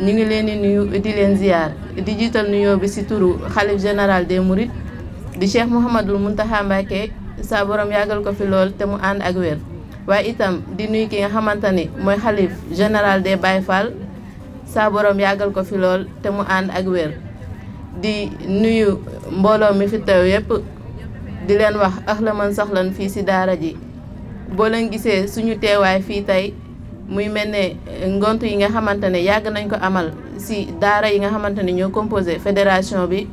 ñu ngi leen di nuyu di leen ziar di jiital nuyoo bi si turu xalif général des Mourides di Cheikh Mouhamadul Mountakha Mbacké saa borom yàggal ko fi lool te mu ànd ak wér. waaye itam di nuyu ki nga xamante ni mooy xalif général des Baye Fall saa yàggal ko fi lool te mu ànd ak wér di nuyu mbooloo mi fi teew yépp di leen wax ax la man saxlan fii si daara ji boo leen gisee suñu teewaay fii tey. muy mel ne ngont yi nga xamante ne yàgg nañ ko amal si daara yi nga xamante ne ñoo composé fédération bi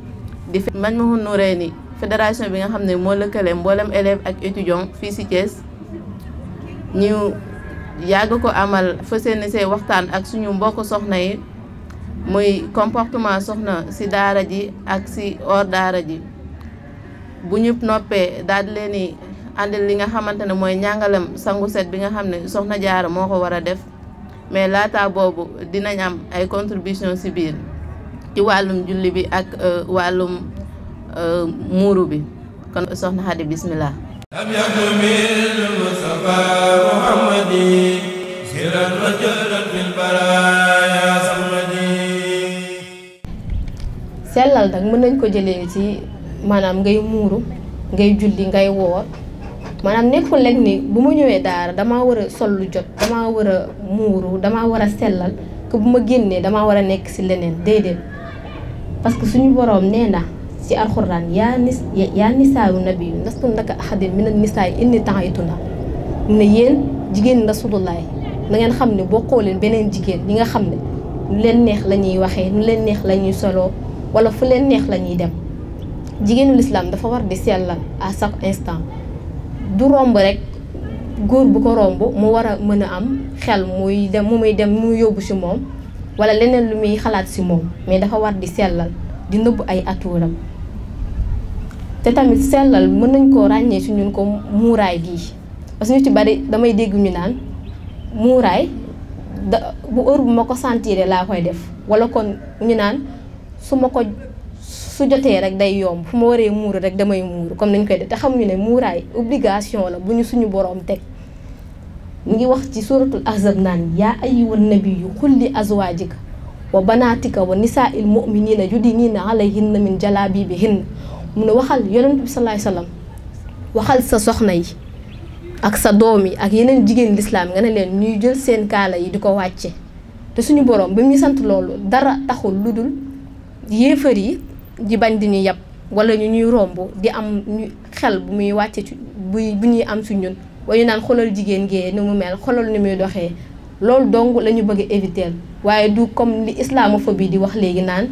di Majmahun Nurayni fédération bi nga xam ne moo lëkkale mboolem élèves ak étudiants fii si Thiès ñu yàgg ko amal fa seeni see waxtaan ak suñu mbokk soxna yi muy comportement soxna si daara ji ak si hors daara ji bu ñu noppee daal di àndil li nga xamante ne mooy njàngalem sangu set bi nga xam ne soxna jaara moo ko war a def mais laata boobu dinañ am ay contribution si biir ci wàllum julli bi ak euh, wàllum euh, muuru bi kon soxna Xadi bismillah am yakumil mustafa fil baraya samadi sellal nag mën nañ ko jëlee ci maanaam ngay muuru ngay julli ngay woor maanaam nekkul rek ni bu ma ñëwee daara damaa war a sol lu jot damaa war a muuru damaa war a sellal que bu ma génnee damaa war a nekk si leneen déedéet parce que suñu boroom nee na ci alxuraan yaa nis yaa nisaayu nabi lastunna ka ahadin mina indi inni na ne yéen jigéen rasulullaay na ngeen xam ne bokkoo leen beneen jigéen ñi nga xam ne lu leen neex la ñuy waxee nu leen neex la ñuy soloo wala fu leen neex la ñuy dem jigéenu lislaam dafa war di sellal à chaque instant du romb rek góor bu ko romb mu war a mën a am xel muy dem mu muy dem mu yóbbu si moom wala leneen lu muy xalaat si moom mais dafa war di sellal di nëbb ay atuuram te tamit sellal mën nañ koo ràññee si ñun ko muuraay gii parce que ci bari damay dégg ñu naan muuraay da bu heure bu ma ko sentir laa koy def wala kon ñu naan su ma ko su jotee rek day yomb fu ma waree muuru rek damay muuru comme nañ koy def te xamuñu ne muuraay obligation la bu ñu suñu boroom teg mu ngi wax ci suratul ahzab naan yaa ayyuhan nabiyyu qul li azwaajika wa banaatika wa nisaa'il mu'miniina yudniina alayhinna min jalaabiibihinna mu ne waxal yonent bi salaay salaam waxal sa soxna yi ak sa doom yi ak yeneen jigéen lislaam nga ne leen ñuy jël seen kaala yi di ko wàcce te suñu boroom bi mu ñu sant loolu dara taxul lu dul yéefar yi di bañ di ñu yab wala ñu ñuy romb di am ñu xel bu muy wàcce ci bu bu ñuy am su ñun waaye naan xolal jigéen gee ni mu mel xoolal ni muy doxee loolu dong la ñu bëgg a waaye du comme li islamophobie di wax léegi naan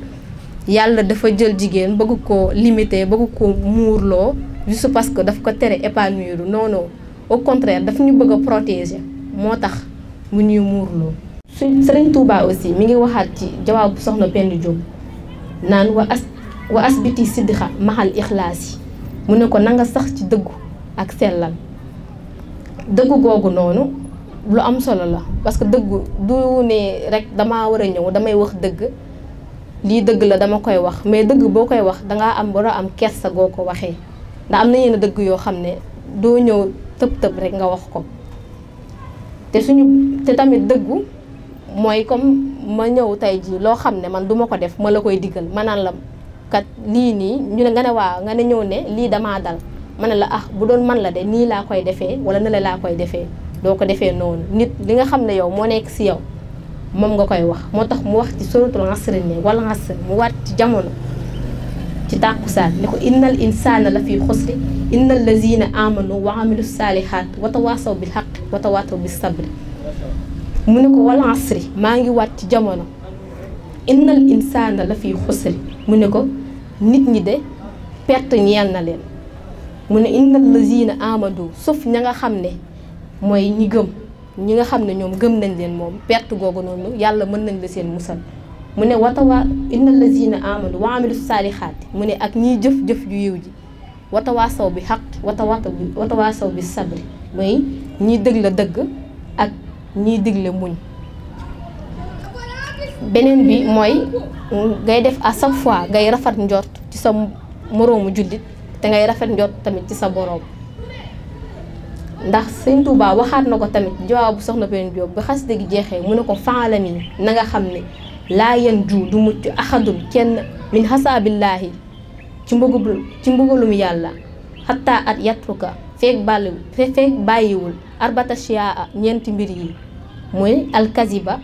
yàlla dafa jël jigéen bëgg ko limiter bëgg ko muurloo juste parce que daf ko tere épanouir non non au contraire dafa ñu bëgg a protéger moo tax mu ñuy muurloo. su Serigne Touba aussi mi ngi waxaat ci jawaabu soxna Penda Diop wa asbiti siddixa maxal ixlaas yi mu ne ko nanga sax ci dëggu ak sellal dëggu googu noonu lu am solo la parce que dëggu du ne rek damaa war a ñëw damay wax dëgg lii dëgg la dama koy wax mais dëgg boo koy wax dangaa am war a am kersa goo ko waxee ndax am na yenn dëgg yoo xam ne doo ñëw tëb tëb rek nga wax ko te suñu te tamit dëggu mooy comme ma ñëw tey jii loo xam ne man duma ko def ma la koy digal ma naan la kat lii nii ñu ne nga ne waaw nga ne ñëw ne lii damaa dal ma ne la ah bu doon man la de nii laa koy defee wala na laa koy defee doo ko defee noonu nit li nga xam ne yow moo nekk si yow moom nga koy wax moo tax mu wax ci suratul asri ne wala asr mu waat ci jamono ci tàkkusaan ne ko innal insaana la fii xusri innal lazina amanu wa amilu saalihaat watawaasaw bil xaq watawaasaw bis sabri mu ne ko wala maa ngi waat ci jamono innal insaana la fii xusri mu ne ko nit ñi de perte ñeel na leen mu ne innal lazina amadu sauf ña nga xam ne mooy ñi gëm ñi nga xam ne ñoom gëm nañ leen moom perte googu noonu yàlla mën nañ la seen musal mu ne watawaa innal lazina amadu wa amilu saalihaati mu ne ak ñiy jëf-jëf ju yiw ji watawaasaw bi xaq watawaasaw bi watawaasaw bi sabri mooy ñiy dëgg la dëgg ak ñiy digle muñ beneen bi mooy ngay def à chaque fois ngay rafet njort ci sa moroomu jullit te ngay rafet njort tamit ci sa boroom ndax sëñ Touba waxaat na ko tamit jawaabu soxna benn Diop ba xasida gi jeexee mu ne ko fanala mi na nga xam ne laa yan ju du mucc axadun kenn min xasaabillaahi ci mbugul ci mbugalum yàlla xattaa at yatruka feeg bàll bàyyiwul arbatachiaa ñeenti mbir yi mooy alkaziba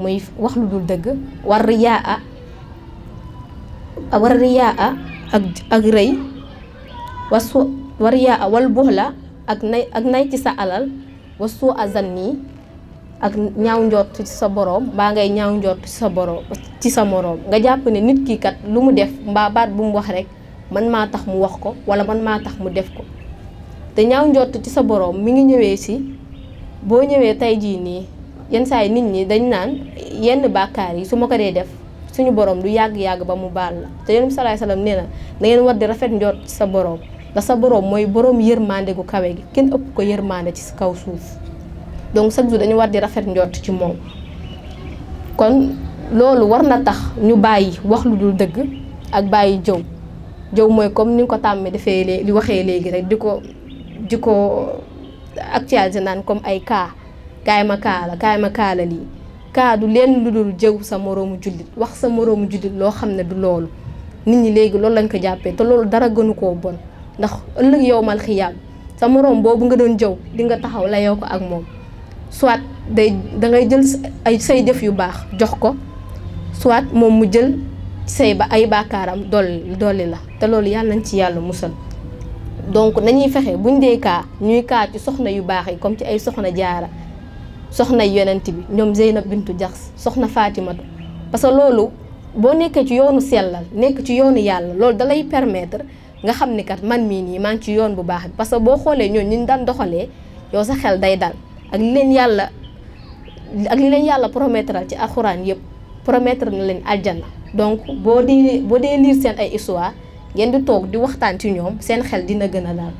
muy wax lu dul dëgg war riyaa war riyaa ak ak rëy wasu war riyaa wal ak nay ak nay ci sa alal wasu azanni ak ñaaw njort ci sa boroom mbaa ngay ñaaw njort ci sa boroom moroom nga jàpp ne nit kii kat lu mu def mbaa baat bu mu wax rekk man maa tax mu wax ko walla man maa tax mu def ko te ñaaw njort ci sa boroom mi ngi ñëwee si boo ñëwee tey jii nii yenn saa yi nit ñi dañ naan yenn bàkkaar yi su ma ko dee def suñu borom du yàgg-yàgg ba mu baal la te yonent bi salaay salaam nee na dangeen war di rafet njort sa borom ndax sa borom mooy borom yërmande gu kawe gi kenn ëpp ko yërmande ci kaw suuf donc chaque jour dañu war di rafet njort ci moom kon loolu war na tax ñu bàyyi wax lu dul dëgg ak bàyyi jëw jëw mooy comme ni ko tàmmee defee li waxee léegi rek di ko di ko actualiser naan comme ay kaa kaay ma kaala kaay ma kaala lii kaa leen lu dul jëw sa moroomu jullit wax sa moroomu jullit loo xam ne du loolu nit ñi léegi loolu lañ ko jàppee te loolu dara gënu koo bon ndax ëllëg yow mal xiyaam sa moroom boobu nga doon jëw di nga taxaw la yow ak moom soit day dangay jël ay say jëf yu baax jox ko soit moom mu jël say ba ay baakaaram dolli dolli la te loolu yàlla nañ ci yàlla musal donc nañuy fexe buñ dee kaa ñuy kaa ci soxna yu baax yi comme ci ay soxna jaara soxna yonent bi ñoom Zeynab Bintu Jaxs soxna Fatimatu parce que loolu boo nekkee ci yoonu sellal nekk ci yoonu yàlla loolu dalay permettre nga xam ni kat man mii nii maa ngi ci yoon bu baax bi parce que boo xoolee ñoon ñu daan doxalee yow sa xel day dal ak li leen yàlla ak li leen yàlla promettre ci alxuraan yëpp promettre na leen aljana donc boo dee boo dee lire seen ay histoire ngeen di toog di waxtaan ci ñoom seen xel dina gën a daal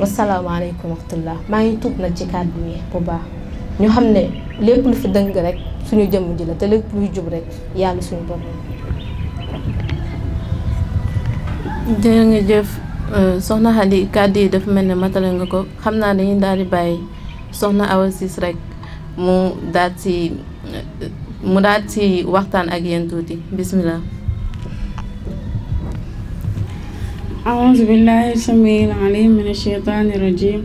wasalaamaaleykum wa maa ngi tuub nag ci kàddu yi bu baax ñu xam ne lépp lu fi dëng rek suñu jëmm ji la te lépp luy jub rek yàlla suñu borom. jërëjëf euh, soxna Xadi kàddu yi dafa mel ne matale nga ko xam naa dañuy daal di bàyyi soxna Awa Ciss rek mu daal ci waxtaan ak yéen tuuti bisimilah. aouzu billahi samiil alim min acheytaani rajim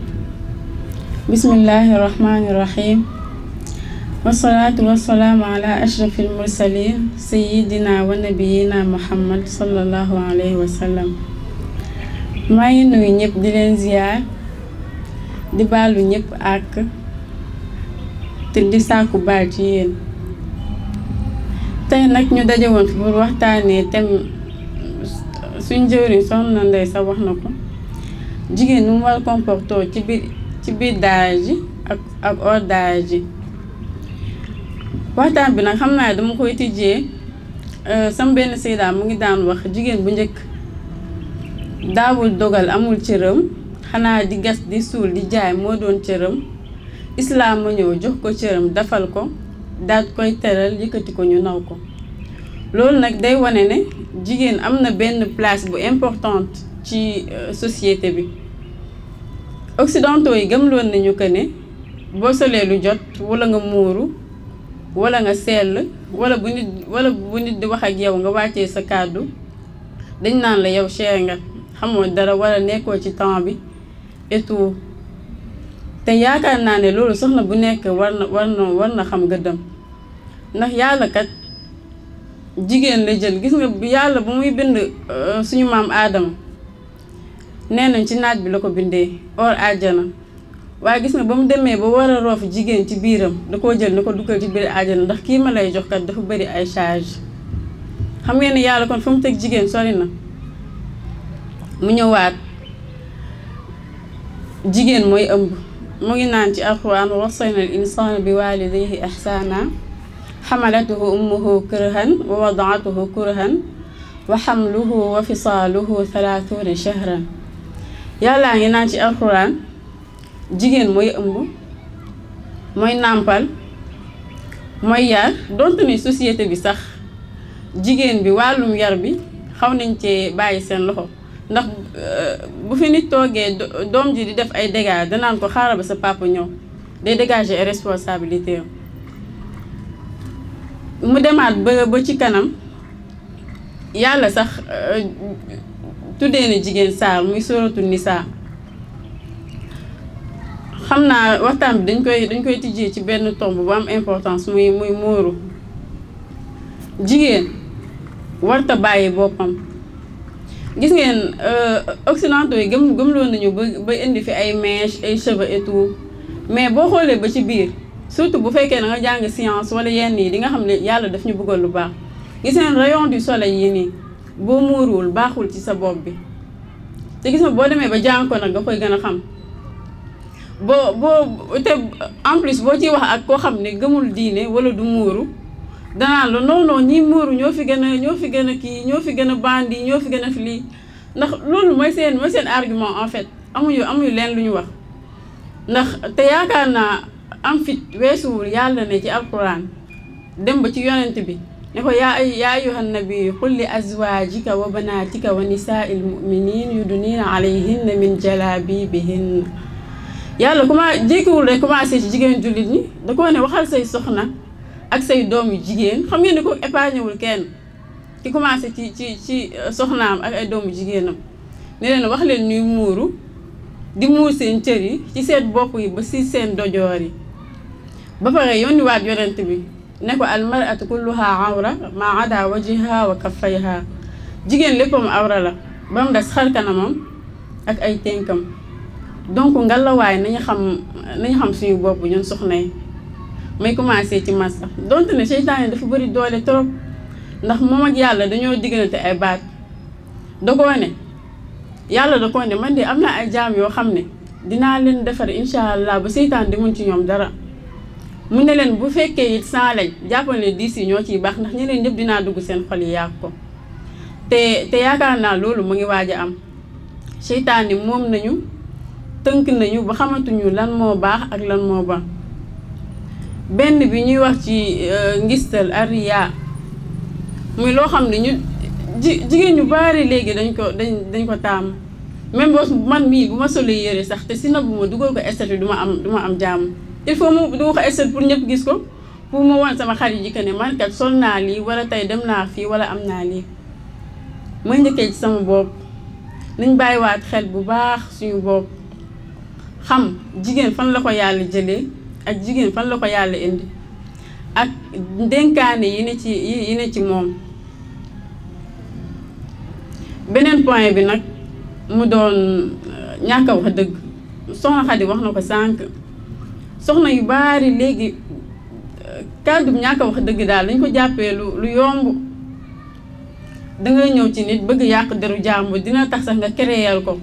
bismillahi rahmaani rahim wasalaatu wasalaamu ala ashrafil mursalin wa nabiyina muhammad sallallahu alayhi wa sallam maa ngi nuyu ñëpp di leen ziyaar di baalu ñëpp àkk te di sàkku baal ci yéen tey nag ñu daje woon fi pour waxtaanee thème suñ jëwriñ soxna Ndeye Sax wax na ko jigéen nu mu war comportoo ci biir ci biir daara ji ak ak hors daara ji waxtaan bi nag xam naa dama koy tijjee euh, sam benn seydaa mu ngi daan wax jigéen bu njëkk daawul dogal amul cëram xanaa di gas di suul di jaay moo doon cëram islaam ma ñëw jox ko cëram dafal ko daat koy teral yëkkati ko ñu naw ko loolu nag day wane ne jigéen am na benn place bu importante ci euh, société bi occidentaux yi gëmloon nañu que ne boo solee lu jot wala nga muuru wala nga sell wala bu nit wala bu di wax ak yow nga wàccee sa kàddu dañ naan la yow cher nga xamoo dara wala nekkoo ci temps bi et te yaakaar naa ne loolu na bu nekk war na war na war na xam gëddam ndax yàlla kat jigéen la jël gis nga yàlla bu muy bind euh, suñu maam aadama nee nañ ci naaj bi la ko bindee or àjjana waaye gis nga ba mu demee ba war a roof jigéen ci biiram da koo jël na ko duggal ci biir àjjana ndax kii ma lay jox kat dafa bari ay charge xam ngeen yàlla kon fa mu teg jigéen sori na mu ñëwaat jigéen mooy ëmb mu ngi naan ci alxuraan wasaynal insaana bi waalidayhi ihsaana xamalatuhu ummuhu kurhan wa wadaatuhu kurhan wa xamluhu wa fisaaluhu thalaathuuna shahran yàllaa ngi naa ci alxuraan jigéen mooy ëmb mooy nàmpal mooy yar donte ni société bi sax jigéen bi wàllum yar bi xaw nañ cee bàyyi seen loxo ndax euh, bu fi nit toogee doom ji di def ay dégâts danaan ko xaaral ba sa papa ñëw day dégager ay responsabilité am mu demaat ba ba ci kanam yàlla sax euh, tuddee na jigéen saar muy sóoratu nisaa xam naa waxtaan bi dañ koy dañ koy tijjee ci benn tomb bu am importance muy muy jigéen warta bàyyi boppam gis ngeen euh, occidentaux yi gëm gëm gëmloo nañu ba ba indi fi ay mèches ay cheveux et mais boo xoolee ba ci biir surtout bu fekkee na nga jàng science wala yenn yi di nga xam ne yàlla daf ñu bëggoon lu baax gis ngeen rayon du soleil yi nii boo muuruwul baaxul ci sa bopp bi te gis nga boo demee ba jàng ko nag nga koy gën a xam boo boo te en plus boo ciy wax ak koo xam ne gëmul diine wala du muuru danaa la non non ñi muuru ñoo fi gën a ñoo fi gën a kii ñoo fi gën a bandi ñoo fi gën a fi ndax loolu mooy seen mooy seen argument en fait amuñu amuñu leen lu ñu wax ndax te yaakaar naa am fit weesuwul yàlla ne ci alquran dem ba ci yonent bi ne ko yaa ay yaa ayyuhan nabi qul li azwaajika wa banaatika wa nisaai lmuminin yudniina alayhinna min jalaabibihinna yàlla kuma jékkiwul rek commencé ci jigéen jullit ñi da ko ne waxal say soxna ak say doom yu jigéen xam ngeen ne ko épargne wul kenn ki commencé ci ci ci euh, soxnaam ak ay doomu jigéenam ne leen wax leen ñuy muuru di muur seen cër yi ci seen bopp yi ba si seen dojoor yi ba pare waat yonent bi ne ko almaratu kulluha awra ma ada wajiha wa kaffayha jigéen léppam awra la ba mu des xar kanamam ak ay tenkam donc ngalawaay nañu xam nañu xam suñu bopp ñun soxna yi may commencé ci man sax donte ne seytaane dafa bari doole trop ndax moom ak yàlla dañoo diggante ay baat da koo ne yàlla da koo ne man de am na ay jaam yoo xam ne dinaa leen defar incha allah ba seytaan di mun ci ñoom dara mu ne leen bu fekkee it cent lañ jàppal yi ñoo ciy baax ndax ñeneen ñëpp dinaa dugg seen xol yi yàq ko te te yaakaar naa loolu mu ngi waaj a am seytaan moom nañu tënk nañu ba xamatuñu lan moo baax ak lan moo ba benn bi ñuy wax ci euh, ngistal ariya muy loo xam ne ñu ji jigéen ñu bari léegi dañ ko dañ dañ ko taamu même boo man mii bu ma solee yére sax te si na bu ma dugal ko estati du ma am du ma am jàmm il faut mu du wax externe pour ñëpp gis ko pour mu wan sama xarit yi que ne man kat sol naa lii wala tey dem naa fii wala am naa lii may njëkkee ci sama bopp nañ bàyyiwaat xel bu baax suñu bopp xam jigéen fan la ko yàlla jëlee ak jigéen fan la ko yàlla indi ak dénkaane yi ne ci yi ne ci moom beneen point bi nag mu doon euh, ñàkk a wax dëgg soxna Xadi wax na ko sànq soxna yu baari léegi euh, kàddu ñàkk a wax dëgg daal dañ ko jàppee lu lu yomb dangay ñëw ci nit bëgg yàq deru jàmbur dina tax sax nga créer ko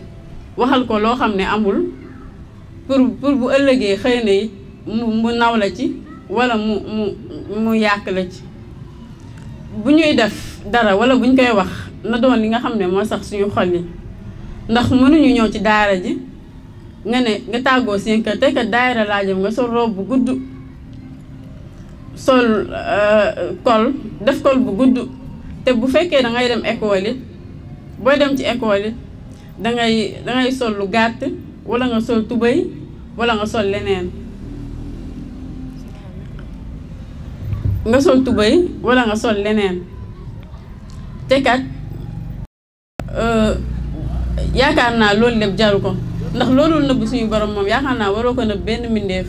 waxal ko loo xam ne amul pour pour bu ëllëgee xëy na it mu mu naw la ci wala mu mu mu yàq la ci bu ñuy def dara wala bu ñu koy wax na doon li nga xam ne moo sax suñu xol yi ndax mënuñu ñëw ci daara ji nga ne nga tàggoo cinq heures tey kat daayira laa nga sol robe bu gudd sol kol euh, def col bu gudd te bu fekkee dangay dem école it booy dem ci école it dangay ngay sol lu gàtt wala nga sol tubéy walla nga sol leneen nga sol tubéy wala nga sol leneen te kat euh, yaakaar naa loolu lépp jaru ko ndax loolu nëbb suñu borom moom yaakaar naa waroo ko nëbb benn mbindeef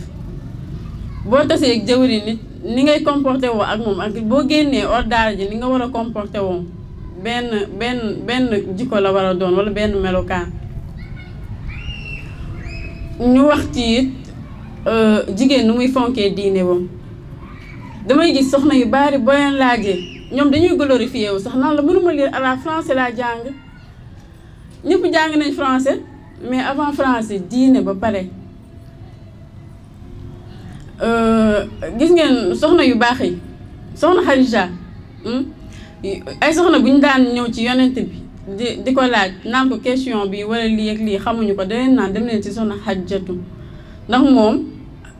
boo tasee ak jëwri nit ni ngay comporté woo ak moom ak boo génnee hors daara ji ni nga war a comporté woo benn benn benn jikko la war a doon wala benn melokaan ñu wax ci it euh, jigéen nu muy fonkee diine wam damay gis soxna yu baari boo leen laajee ñoom dañuy glorifié wu sax naan la mënuma lire à la français laa jàng ñëpp jàng nañ français mais avant français diine ba pare euh, gis ngeen soxna yu baax yi soxna Xadija hmm? ay soxna bu ñu daan ñëw ci yonent bi di di ko laaj naan ko question bi wala lii ak lii xamuñu ko daleen naan dem leen ci soxna Xadijatu ndax moom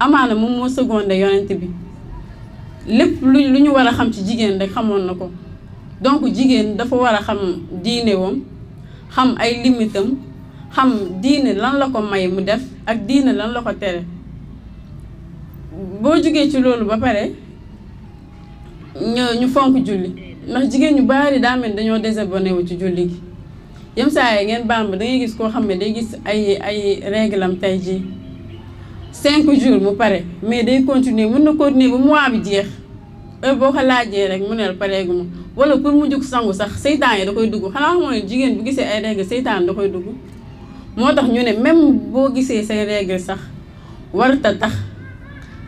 amaana moom moo secondé yonent bi lépp lu lu ñu war a xam ci jigéen rek xamoon na ko donc jigéen dafa war a xam diine woom xam ay limitam xam diine lan la ko may mu def ak diine lan la ko tere boo jógee ci loolu ba pare ñu ñu fonk julli ndax jigéen ñu baari daa mel dañoo désabonné wu ci julli gi yem saa yi ngeen baal ma da ngay gis koo xam ne day gis ay ay réglam tey jii cinq jour mu pare mais day continuer mën na continuer bu mois bi jeex boo ko laajee rek mu neel pareegu ma wala pour mu jug sangu sax seytaan yi da koy dugg xanaa xamoo ne jigéen bu gisee ay règle seytaan da koy dugg moo tax ñu ne même boo gisee say règle sax warta tax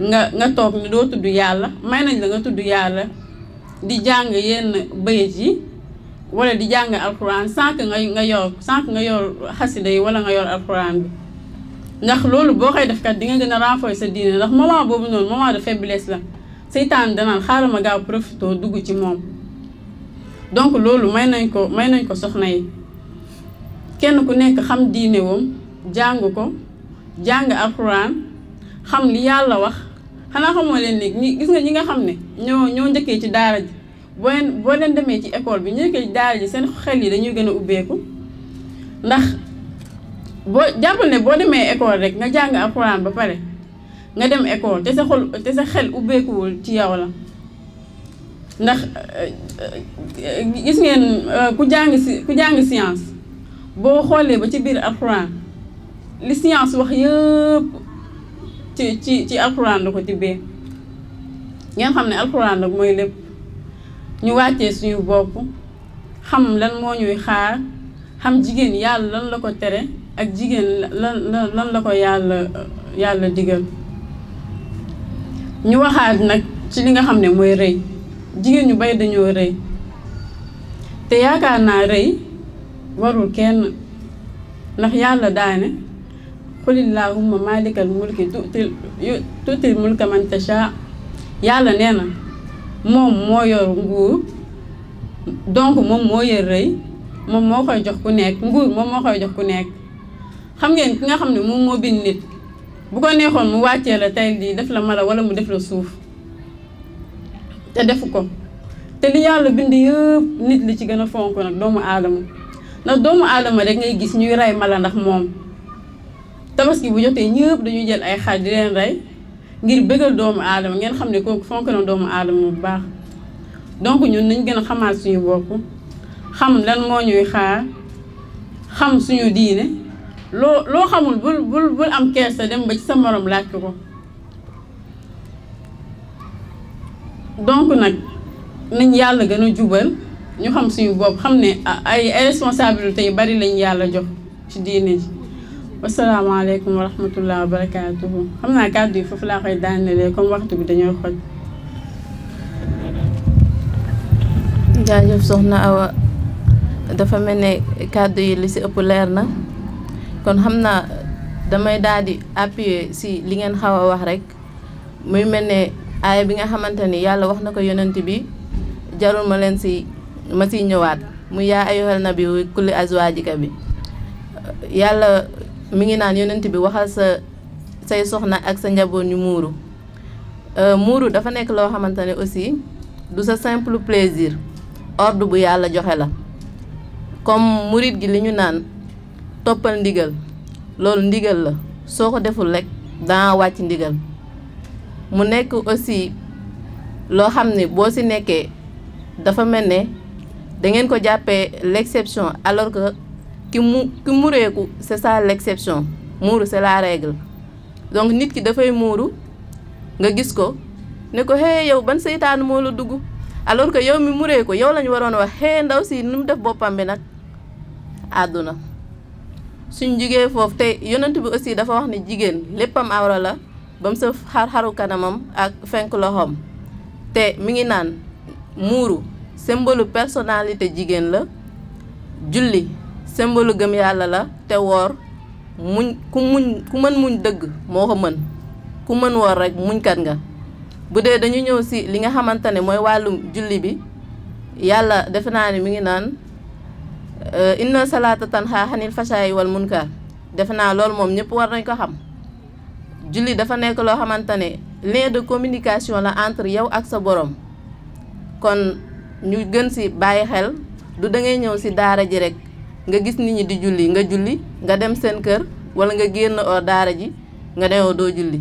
nga nga toog ni doo tudd yàlla may nañ la nga tudd yàlla di jàng yenn bayit yi wala di jàng alxuraan sans que nga nga yor sans nga yor xasida yi wala nga yor alxuraan bi ndax loolu boo koy def kat di nga gën a renforcer sa diine ndax moment boobu noonu moment de faiblesse la seytaan danaan xaaral ma gaaw profité dugg ci moom donc loolu may nañ ko may nañ ko soxna yi. kenn ku nekk xam diine woom jàng ko jàng alxuraan xam li yàlla wax xanaa xamoo leen ni ñi gis nga ñi nga xam ne ñoo ñoo njëkkee ci daara ji boo leen boo leen demee ci école bi ñu njëkkee ci daara ji seen xel yi dañuy gën a ubbeeku ndax boo jàppal ne boo demee école rek nga jàng alxuraan ba pare nga dem école te sa xel ubbeekuwul ci yow la ndax eh, eh, gis ngeen eh, ku jàng si ku jàng science boo xoolee ba ci biir alxuraan li science wax yëpp ci ci ci alxuraan la ko tibbee ngeen xam ne alxuraan la mooy lépp ñu wàccee suñu bopp xam lan moo ñuy xaar xam jigéen yàlla lan la ko tere ak jigéen lan la ko yàlla yàlla digal ñu waxaat nag ci li nga xam ne mooy rëy jigéen ñu bay dañoo rëy te yaakaar naa rëy warul kenn ndax yàlla daane xulillahumma malikal mulki tutil tutil mulka man tasha yàlla nee na moom moo yor nguur donc moom moo yor rëy moom moo koy jox ku nekk nguur moom moo koy jox ku nekk xam ngeen ki nga xam ne moom moo bind nit bu ko neexoon mu wàccee la tey lii def la mala wala mu def la suuf te defu ko te li yàlla bind yëpp nit li ci gën a fonk nag doomu aadama ndax doomu aadama rek ngay gis ñuy rey mala ndax moom tabaski bu jotee ñëpp dañuy jël ay xaaj di leen rey ngir bëggal doomu aadama ngeen xam ne kooku fonk na doomu aadama bu baax donc ñun nañ gën a xamaat suñu bopp xam lan moo ñuy xaar xam suñu diine loo loo xamul bul bul bul am kersa dem ba ci sa moroom laaj ko donc nag nañ yàlla gën a jubal ñu xam suñu bopp xam ne ay ay responsabilités yu bari lañ yàlla jox ci diine ji wasalaamaaleykum wa rahmatullah wa barakaatuhu xam naa kàddu yi foofu laa koy daanelee comme waxtu bi dañoo xoj jaajëf soxna Awa dafa mel ne kàddu yi li ci ëpp leer na kon xam naa damay daal di appuyer si li ngeen xaw a wax rek muy mel ne aaya bi nga xamante ni yàlla wax na ko yonent bi jarul ma leen si ma siy ñëwaat mu yaa ayyuhal nabi kulli azwaajika bi yàlla mu ngi naan yonent bi waxal sa say soxna ak sa njaboot ñu muuru euh, muuru dafa nekk loo xamante ne aussi du sa simple plaisir ordre bu yàlla joxe la comme murit gi li ñu naan toppal ndigal loolu ndigal la soo ko deful rekk danga wàcc ndigal mu nekk aussi loo xam ne boo ci nekkee dafa mel ne dangeen ko jàppee l'exception alors que ki mu ki mureeku c'est ça l'exception muuru c'est la donc nit ki dafay muuru nga gis ko ne ko hee yow ban seytaan moo la dugg alors que yow mi muree ko yow lañu waroon wax hee ndaw si nu mu def boppam bi nag àdduna suñ jugee foofu te yonent bi aussi dafa wax ne jigéen léppam awra la ba mu sa xar-xaru kanamam ak fenk loxoom te mi ngi naan muuru symbole personnalité jigéen la julli symbole gëm yàlla la te woor muñ ku muñ ku mën muñ dëgg moo ko mën ku mën woor rek muñkat nga bu dee dañu ñëw si li nga xamante ne mooy wàllu julli bi yàlla defe naa ne mi ngi naan euh, inna salaata tanhaa anil fahshaa'i wal munkar defe naa loolu moom ñëpp war nañ ko xam julli dafa nekk loo xamante ne lien de communication la entre yow ak sa boroom kon ñu gën si bàyyi xel du da ñëw si daara ji rek nga gis nit ñi di julli nga julli nga dem seen kër wala nga génn oo daara ji nga newoo doo julli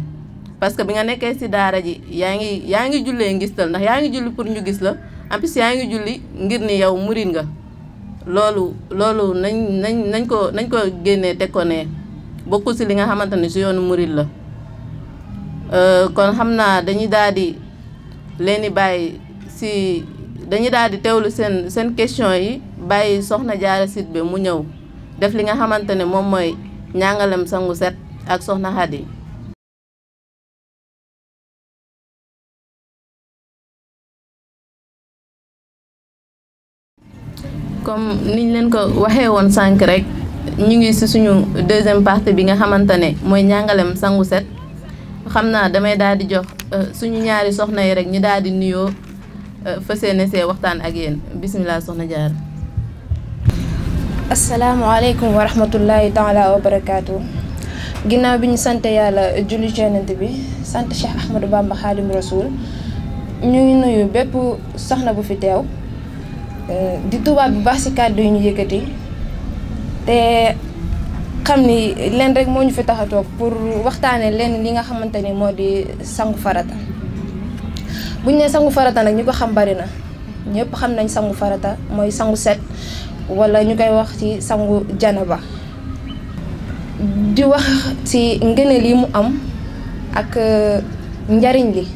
parce que bi nga nekkee si daara ji yaa ngi yaa ngi jullee ngistal ndax yaa ngi julli pour ñu gis la en yaa ngi julli ngir ni yow murit nga loolu loolu nañ nañ nañ ko nañ ko génnee teg ko ne bokkul si li nga xamante ne si yoonu murit la euh, kon xam naa dañu daal di leen bàyyi si dañu daal di teewlu seen seen question yi bàyyi soxna jaara sit bi mu ñëw def li nga xamante ne moom mooy ñàngalem sangu set ak soxna Xadi comme niñ leen ko waxee woon sànq rek ñu ngi ci suñu deuxième partie bi nga xamante ne mooy ñàngalem sangu set xam naa damay daal di jox euh, suñu ñaari soxna yi rek ñu daal di nuyoo Euh, fësee ne see waxtaan ak yéen bisimilah soxna jaar asalaamaaleykum wa rahmatullahi taala wa barakaatu ginnaaw bi ñu sante yàlla julli ceenante bi sant Cheikh Ahmadou Bamba Xaadim Rasoul ñu ngi nuyu bépp soxna bu fi teew euh, di tubaab bu baax ci kàddu yu ñu yëkkati te xam ni leen rek moo ñu fi tax a toog pour waxtaane leen li nga xamante ni moo di sangu farata bu ñu nee sangu farata nag ñu ko xam bari na ñëpp xam nañ sangu farata mooy sangu set wala ñu koy wax ci sangu ba di wax ci ngëne yi mu am ak euh, njariñ li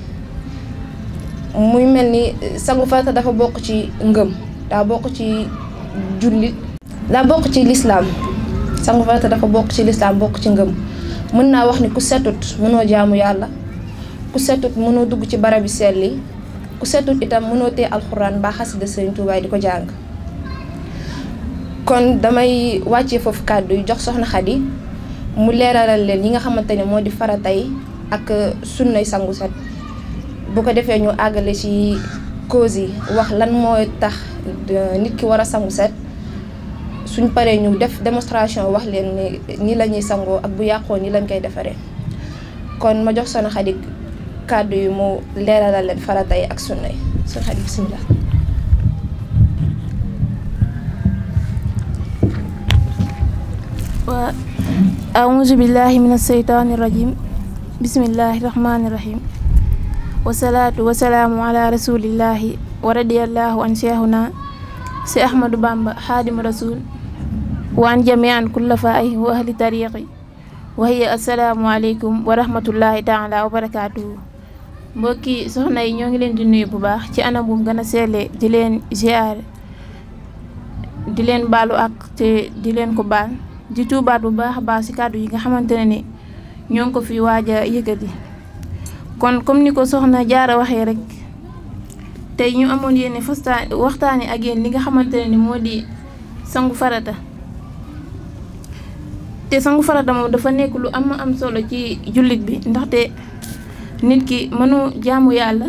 muy mel ni sangu farata dafa bokk ci ngëm daa bokk ci jullit daa bokk ci lislaam sangu farata dafa bokk ci lislaam bokk ci ngëm mën naa wax ni ku setut mënoo jaamu yàlla ku setut mënoo dugg ci barab yu sell yi ku setut itam mënoo tee alxuraan ba xasida sëriñ Tuubaa di ko jàng kon damay wàcce foofu kàddu yi jox soxna Xadi mu leeralal leen yi nga xamante ne moo di fara faratay ak suñ sunnay sangu set bu ko defee ñu àggale ci cause yi wax lan mooy tax nit ki war a sangu set suñ paree ñu def démonstration wax leen ni lañuy sangoo ak bu yàqoo ni lañ koy defaree kon ma jox soxna Xadi kàddu yu mu leeralal leen farata yi ak sunna yi suñu xarit bisimilah. waa aouzu billahi min aseytaani rajim bismillahi rahmaani rahim wasalaatu wasalaamu ala rasulillahi wa radiyallahu an cheikhuna si ahmadou bamba xaadima rasul wa an jamian kullafaay wa ahli tariqi wa hiya assalaamu aleykum wa rahmatullahi taala wa barakatuhu mbokki soxna yi ñoo ngi leen di nuyu bu baax ci anam bu gën a seele di leen ziar di leen baalu ak te di leen ko baal di tuubaat bu baax a baax ci kàddu yi nga xamante ne ni ñoo ngi ko fi waaj a yëkkati kon comme ni ko soxna jaara waxee rek tey ñu amoon yéen fastaan waxtaani ak yéen li nga xamante ne ni moo di sangu farata te sangu farata moom dafa nekk lu am am solo ci jullit bi ndaxte nit ki mënu jaamu yàlla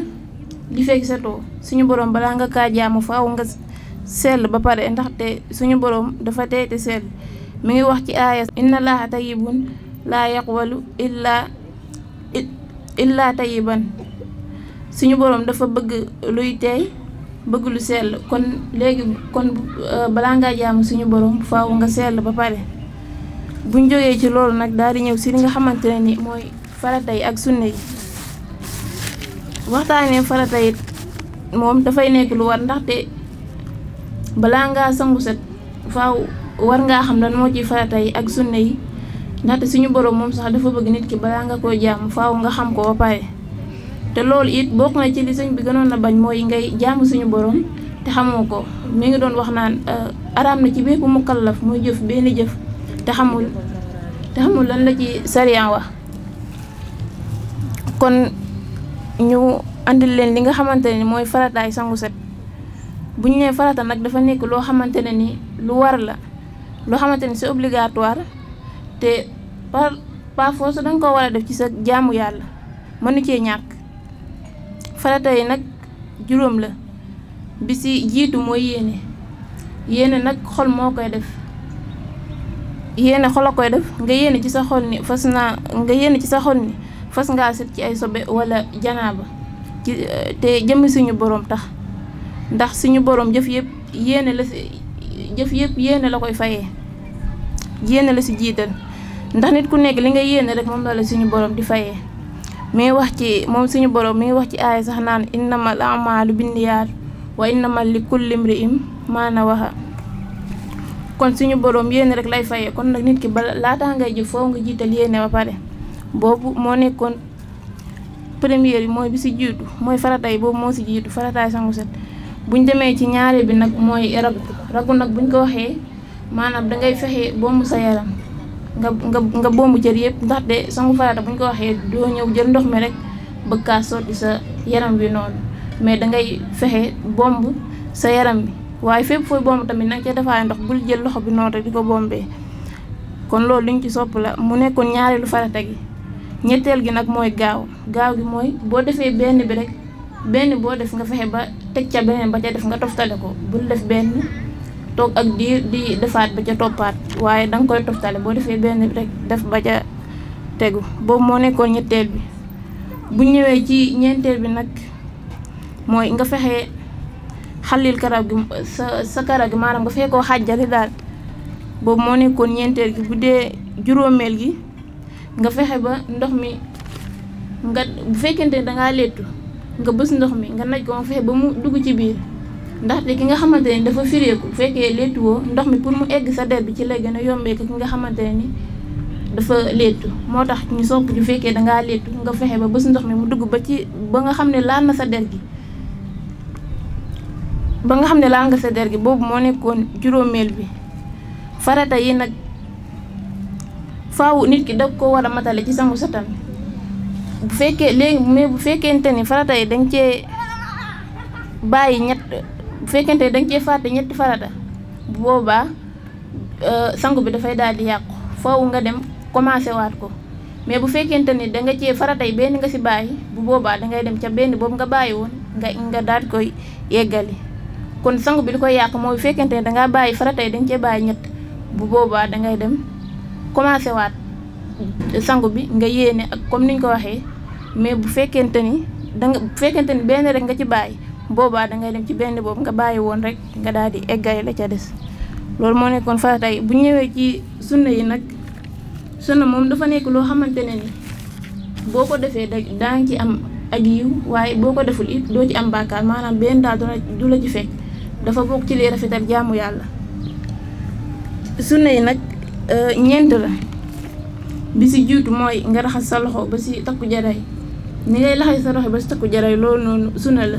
li fekk setoo suñu borom balaa nga kaa jaamu faaw nga sell ba pare ndaxte suñu borom dafa tey te sell ngi wax ci aaya inna laaha tayyibun laa yaqbalu suñu borom dafa bëgg luy teey bëgg lu kon léegi kon euh, balaa ngaa jàmm suñu borom faaw nga sell ba pare buñ jógee ci loolu nag daal di ñëw si li nga xamante ne ni mooy farata yi ak sunna yi waxtaanee farata it moom dafay nekk lu war ndaxte balaa ngaa sangu set faaw war ngaa xam lan moo ci farata yi ak sunna yi ndaxte suñu borom moom sax dafa bëgg nit ki balaa nga koy jaamu faw nga xam ko ba pare. te loolu it bokk na ci li sëñ bi gënoon a bañ mooy ngay jaamu suñu boroom te xamoo ko mi ngi doon wax naan euh, araam na ci bépp mukallaf muy jëf benn jëf te xamul te xamul lan la ci sariya wax kon. ñu andil leen li nga xamante ne mooy farataay sangu set bu ñu nee farata nag dafa nekk loo xamante ne ni lu war la loo xamante ne si obligatoire te par par danga ko war a def ci sa jaamu yàlla mënu cee ñàkk farata yi nag juróom la bi si jiitu mooy yéene yéene nag xol moo koy def yéene xol a koy def nga yéene ci sa xol ni fas naa nga yéene ci sa xol ni fas ngaa set ci ay sobe wala janaaba ci eh, te jëmmi suñu boroom tax ndax suñu borom jëf yëpp yéene jëf yëpp yéene la koy fayee yéene la si jiital ndax nit ku nekk li nga yéene rek moom la la suñu borom di fayee mi wax ci moom suñu borom mi ngi wax ci aay sax naan innamal amaalu binniyaat wa innamal li kulli imri'in maa nawaa kon suñu borom yéene rek lay fayee kon nag nit ki ba laataa ngay jëf foo nga jiital yéene ba pare boobu moo nekkoon première bi mooy bi si jiitu mooy faratay boobu moo si jiitu farataay sangu set buñ demee ci ñaaree bi nag mooy ragu ragu nag buñ ko waxee maanaam dangay fexe bomb sa yaram nga nga nga bomb jër yëpp ndaxte sangu farata buñ ko waxee doo ñëw jël ndox mi rek bëgg kaa sa yaram bi noonu mais dangay fexe bomb sa yaram bi waaye fépp fooy bomb tamit nag ca defaay ndox bul jël loxo bi noonu rek di ko bombee kon loolu liñ ci sopp la mu nekkoon ñaareelu farata gi ñetteel gi nag mooy gaaw gaaw gi mooy boo defee benn bi rek benn boo def nga fexe ba teg ca beneen ba ca def nga toftale ko bul def benn toog ak diir di defaat ba ca toppaat waaye danga koy toftale boo defee benn bi rek def ba ca tegu boobu moo nekkoon ñetteel bi bu ñëwee ci ñeenteel bi nag mooy nga fexe xalil karaw gi sa sa gi maanaam nga fexe koo xàjjale daal boobu moo nekkoon ñeenteel gi bu dee juróomeel gi nga fexe ba ndox mi nga bu fekkente dangaa lettu nga bës ndox mi nga naj ko mu fexe ba mu dugg ci biir ndax ndaxte ki nga xamante ne dafa fireeku bu fekkee lettu woo ndox mi pour mu egg sa der bi ci la gën a yombee ki nga xamante ne ni dafa lettu moo tax ñu sopp bu fekkee dangaa lettu nga fexe ba bës ndox mi mu dugg ba ci ba nga xam ne laal na sa der gi ba nga xam ne laal nga sa der gi boobu moo nekkoon juróomeel bi farata yi nag faaw nit ki dag ko war a matale ci sangu setam bu fekkee léegi mais bu fekkente ni farata yi danga cee bàyyi ñett bu fekkente ni cee fàtte ñetti farata bu boobaa euh, sangu bi dafay daal di yàqu faaw nga dem commencé waat ko mais bu fekkente ni danga cee farata yi benn nga si bàyyi bu boobaa dangay dem ca benn boobu nga bàyyi woon nga nga daal koy yeggali kon sangu bi li koy yàq mooy bu fekkente ni bàyyi farata yi danga cee bàyyi ñett bu boobaa dangay dem commencé waat sangu bi nga yéene ak comme niñ ko waxee mais bu fekkente ni danga bu fekkente ni benn rek nga ci bàyyi boobaa dangay dem ci benn boobu nga bàyyi woon rek nga daal di eggale la ca des loolu moo nekkoon fa yi bu ñëwee ci sunna yi nag sunna moom dafa nekk loo xamante ne ni boo ko defee da daa ngi ci am ak yiw waaye boo ko deful it doo ci am bàkkaar maanaam benn daal du la ci fekk dafa bokk ci li rafetal jaamu yàlla sunna yi nag Euh, ñeent la bi si juutu mooy nga raxas sa loxo ba si takku jaray ni ngay laxas sa loxo ba si takku jaray loolu noonu sunna la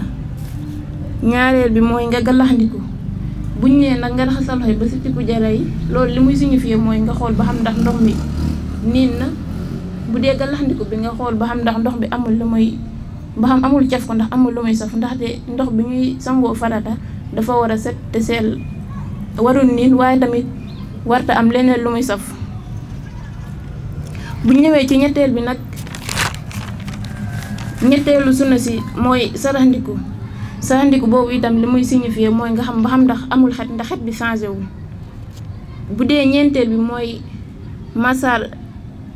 ñaareel bi mooy nga gallaxndiku buñ nee nag nga raxas sa loxo ba si takku jaray loolu li muy signifier mooy nga xool ba xam ndax ndox mi niin na bu dee galaxndiku bi nga xool ba xam ndax ndox bi amul lu muy ba xam amul caf ko ndax amul lu muy saf ndaxte ndox bi ñuy sangoo farata dafa war a set te seel warul niin waaye tamit. warta am leneen lu muy saf bu ñëwee ci ñetteel bi nag ñetteelu sunna si mooy saraxndiku saraxndiku boobu itam li muy signifié mooy nga xam ba xam ndax amul xet ndax xet bi changé wu bu dee ñeenteel bi mooy massage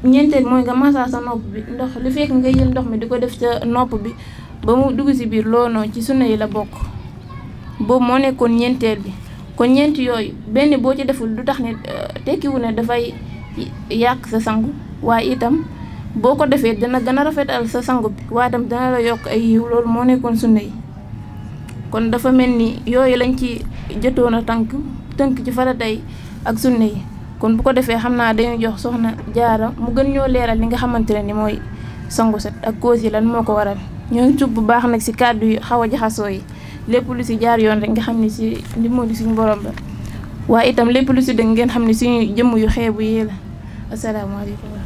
ñeenteel mooy nga massage sa nopp bi ndox li fekk nga jël ndox mi di ko def sa nopp bi ba mu dugg si biir loonoo ci sunna yi la bokk boobu moo nekkoon ñeenteel bi kon ñeent yooyu benn boo ci deful du tax ne euh, tekkiwu ne dafay yàq sa sangu waaye itam boo ko defee dana gën a rafetal sa sangu bi waa itam dana yokk ay yiw loolu moo nekkoon sunna yi kon dafa mel ni yooyu lañ ci jotoon a tànk tënk ci faratay ak sunna yi kon bu ko defee xam naa dañu jox soxna jaara mu gën ñoo leeral li nga xamante ne ni mooy sangu set ak cos yi lan moo ko waral ñoo ngi bu baax nag si kàddu yi xaw a jaxasoo yi lépp lu si jaar yoon rek nga xam ni si ndimbalu suñu borom la waaye itam lépp lu si dëng ngeen xam ne suñu jëmm yu xeebu yi la asalaamaaleykum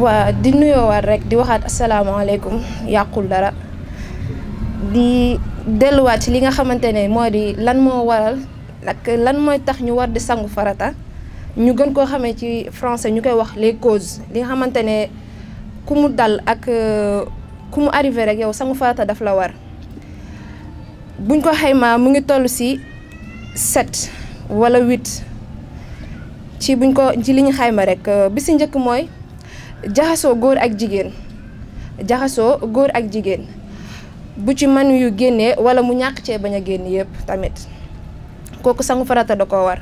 waa di nuyoowaat rek di waxaat asalaamaaleykum yàqul dara di delluwaat ci li nga xamante ne moo di lan moo waral ak lan mooy tax ñu war di sangu farata ñu gën koo xamee ci français ñu koy wax les causes li nga xamante ne ku mu dal ak euh, ku mu arrivé rek yow sangu farata daf la war buñ ko xaymaa mu ngi toll si sept wala huit ci buñ ko ci li ñu xayma rek euh, bi si njëkk mooy. jaxasoo góor ak jigéen jaxasoo góor ak jigéen bu ci man yu génnee wala mu ñàkk cee bañ a génn yépp tamit kooku sangu farata da koo war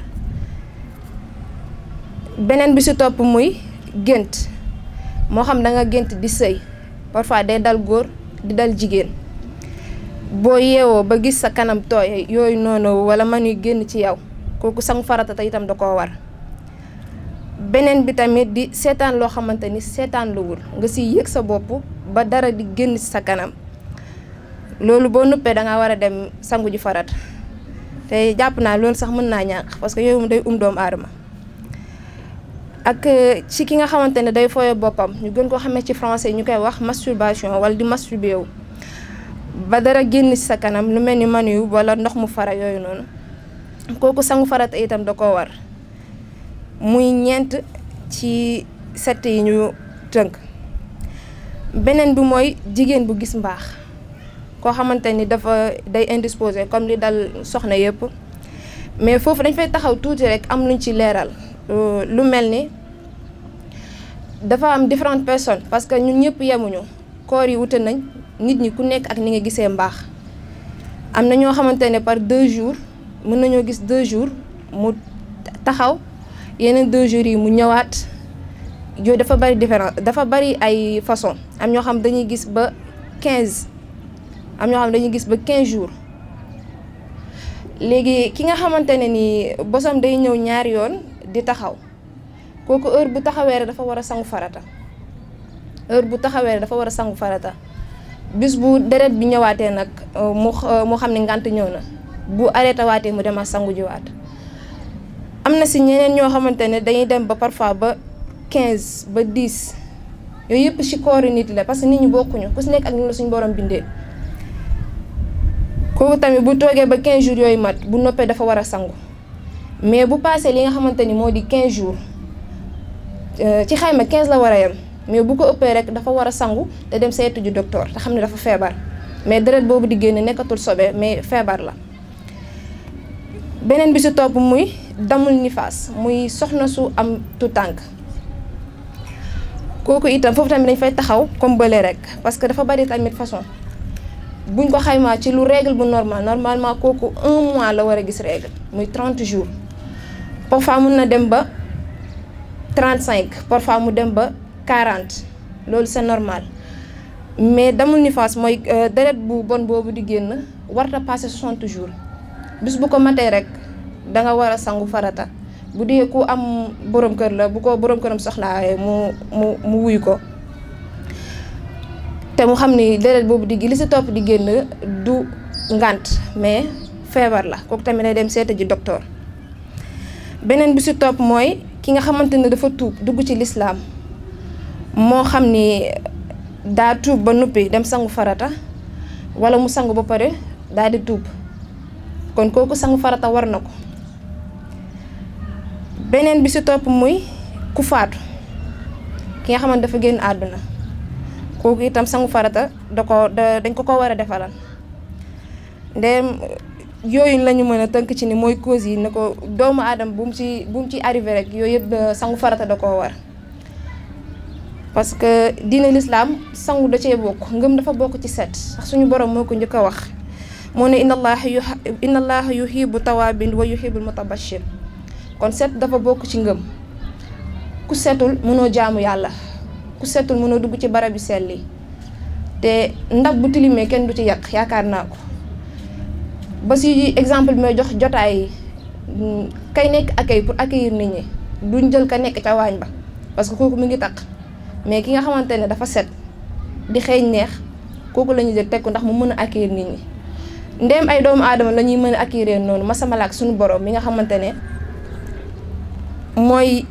beneen bi si topp muy gént moo xam danga nga gént di sëy parfois day dal góor di dal jigéen boo yewoo ba gis sa kanam tooy yooyu noonu wala man yu génn ci yow kooku sangu farata te itam da koo war beneen bi tamit di seetaan loo xamante ni seetaan luwul nga si yëg sa bopp ba dara di génn ci sa kanam loolu boo nuppee da nga war a dem sangu farat te jàpp naa loolu sax mën naa ñàkk parce que yooyu mu day um doomu aadama ak euh, ci ki nga xamante ni day fooye boppam ñu gën koo xamee ci français ñu koy wax masturbation wala di masturbé wu ba dara génn ci sa kanam lu mel ni man yu wala ndox mu fara yooyu noonu kooku sangu farat itam da koo war muy ñeent ci sett yi ñu tënk beneen bi mooy jigéen bu gis mbaax koo xamante ni dafa day indisposé comme li dal soxna yëpp mais foofu dañ fay taxaw tuuti rek am luñ ci leeral euh, lu mel ni dafa am différentes personnes parce que ñun ñëpp yemuñu koor yi wute nañ nit ñi ku nekk ak ni nga gisee mbaax am na ñoo xamante ne par deux jours mën nañoo gis deux jours mu taxaw yeneen deux jours yi mu ñëwaat yooyu dafa bari différence dafa bari ay façon am ñoo xam dañuy gis ba quinze am ñoo gis ba quinze jours léegi ki nga xamante ne ni bosam day ñëw ñaari yoon di taxaw kooku heure bu taxawee rek dafa war a sangu farata heure bu taxawee dafa war a sangu farata bis bu deret bi ñëwaatee nag mu mu xam ne ngànt ñëw na bu arrêté waatee mu demaat sangu jiwaat am na si ñeneen ñoo xamante ne dañuy dem ba parfois ba 15 ba 10 yooyu yëpp si koori nit la parce que nit ñi bokkuñu ku si nekk ak ñu la suñu borom bindee kooku tamit bu toogee ba quinze jours yooyu mat bu noppee dafa war a sangu mais bu paasee li nga xamante ni moo di quinze jours euh, ci xayma quinze la war a yem mais bu ko ëppee rek dafa war a sangu te dem saytu ju doctor te xam ne dafa feebar mais deret boobu di génn nekkatul sobe mais feebar la. beneen bi si topp muy damul nifaas muy soxna su am tu tànk kooku itam foofu tamit dañ fay taxaw comme bële rek parce que dafa bari tamit façon buñ ko xaymaa ci lu règle bu normal normalement kooku un mois la war a gis règle muy 30 jours parfois mun na dem ba 35 parfois mu dem ba 40 loolu c'est normal mais damul nifaas mooy euh, deret bu bon boobu di génn warta passé 60 jours bis bu ko matee rek danga war a sangu farata bu dee ku am borom kër la bu ko borom këram soxlaa mu mu mu wuyu ko te mu xam ni deret boobu di li si topp di génn du ngant mais feebar la kooku tamit day dem seeta ji docteur beneen bi si topp mooy ki nga xamante ne dafa tuub dugg ci lislaam moo xam ni daa tuub ba noppi dem sangu farata wala mu sangu ba pare daal di tuub kon kooku sangu farata war na ko beneen bi si topp muy ku faatu ki nga xamante dafa génn àdduna kooku itam sangu farata da ko dañ ko ko war a defaral ndem yooyu la mën a tënk ci ni mooy cause yi ne ko doomu aadama bu ci bu ci arrivé rek yooyu yëpp sangu farata da koo war parce que dina lislaam sangu da cee bokk ngëm dafa bokk ci set sax suñu borom moo ko njëkk a wax moo ne inna allaha yuhibbu tawabin wa yuhibbul mutabashir kon seet dafa bokk ci ngëm ku setul mënoo jaamu yàlla ku setul mënoo dugg ci barab yu sell yi te ndax bu tilimee kenn du ci yàq yaakaar naa ko ba si exemple bi may jox jotaay kay nekk ak accueil pour ak accueillir nit ñi duñ jël ka nekk ca waañ ba parce que kooku mu ngi taq mais ki nga xamante ne dafa set di xeeñ neex kooku la ñuy jël teg ko ndax mu mën a accueillir nit ñi ndéem ay doomu aadama la ñuy mën a accueillir noonu ma sama laak suñu borom mi nga xamante ne mooy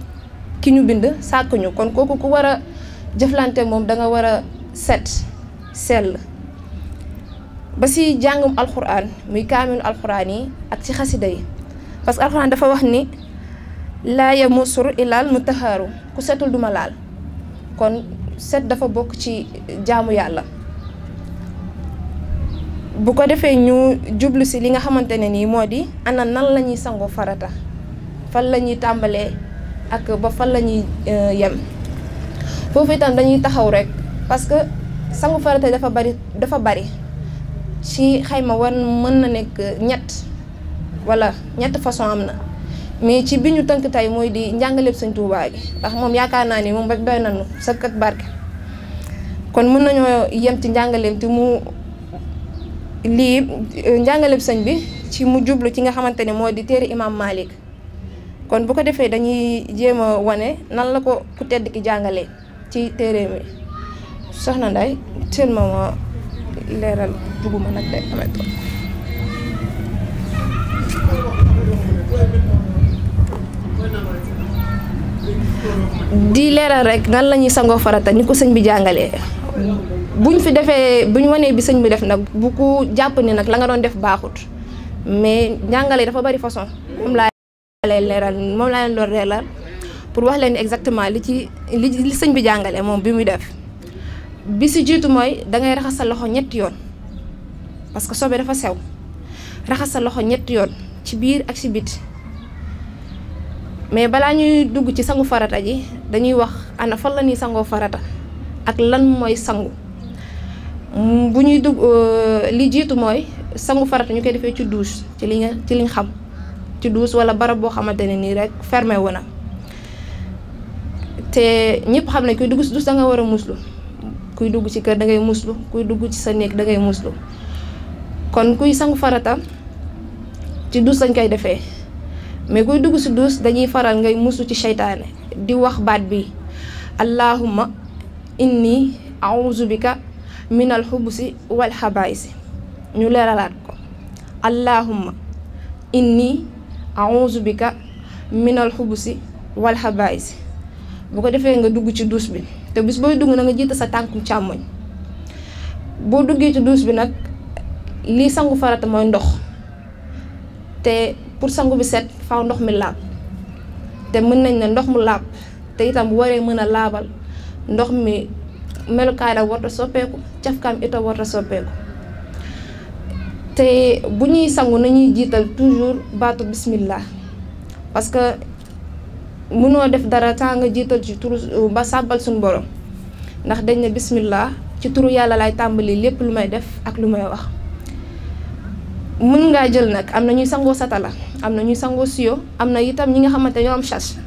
ki ñu bind sàkk ñu kon kooku ku war a jëflante moom danga nga war a set sell ba si jàngum alxuraan muy kaamilu alxuraan yi ak ci xasida yi parce que alxuraan dafa wax ni laa yamassuhu illal mutahharuun ku setul duma laal kon set dafa bokk ci jaamu yàlla bu ko defee ñu jublu si li nga xamante ne nii moo di ana nan la ñuy sangoo farata fan la ñuy tàmbalee ak ba fan la ñuy euh, yem foofu itam dañuy taxaw rek parce que sangu farata dafa bari dafa bari ci xayma war mën na nekk ñett wala ñett façon am na mais ci bi ñu tënk tey mooy di njàngaleeb sëñ Tuubaa gi ndax moom yaakaar naa ni moom ba doy nañu sëkk ak barke kon mën nañoo yem ci njàngaleem mu lii njàngaleeb sañ bi ci mu jublu ci nga xamante ne moo di téere Imaam Malik kon bu ko defee dañuy jéem a wane nan la ko ku tedd ki jàngalee ci téere mi soxna Nday teel ma ma leeral dugguma nag day amee di leeral rek nan la ñuy sangoo farata ni ko sëñ bi jàngalee buñ fi defee buñ wanee bi sëñ bi def nag bu ku jàpp ni nag la nga doon def baaxut mais jàngale dafa bari façon moom laa lay leeral moom laa leen doon leeral pour wax leen exactement li ci li li sëñ bi jàngale moom bi muy def bi si jiitu mooy dangay raxas sa loxo ñetti yoon parce que sobe dafa sew raxas sa loxo ñetti yoon ci biir ak ci biti mais balaa ñuy dugg ci sangu farata ji dañuy wax ana fan la ñuy sangoo farata ak lan mooy sangu bu ñuy dugg euh, li jiitu mooy sangu farata ñu koy defee ci douche ci li nga ci li xam ci douche wala barab boo xamante ne nii rek fermé wu te ñëpp xam ne kuy dugg si douche da nga war a muslu kuy dugg si kër da ngay muslu kuy dugg ci sa néeg da ngay muslu kon kuy sangu faratam ci douche dañ koy defee mais kuy dugg si douche dañuy faral ngay muslu ci seytaane di wax baat bi allahumma inni auzu bika minal xubusi wal si ñu leeralaat ko allahumma inni bi ka minal xubusi wal xabaa'isi bu ko defee nga dugg ci duus bi te bis booy dugg na nga jiite sa tànku càmmoñ boo duggee ci duus bi nag lii sangu farata mooy ndox te pour sangu bi set faw ndox mi laab te mën nañ ne ndox mu laab te itam bu waree mën a laabal ndox mi melukaay la warta soppeeku cafkaam ita warta soppeeku te bu ñuy sangu nañuy jiital toujours baatu bismillah parce que mënoo def dara temps nga jiital ci turu ba sàbbal suñu borom ndax dañ ne bismillah ci tour yàlla lay tàmbali lépp lu may def ak lu may wax mën ngaa jël nag am na ñuy sangoo satala am na ñuy sangoo siyo am na itam ñi nga xamante ñoo am charge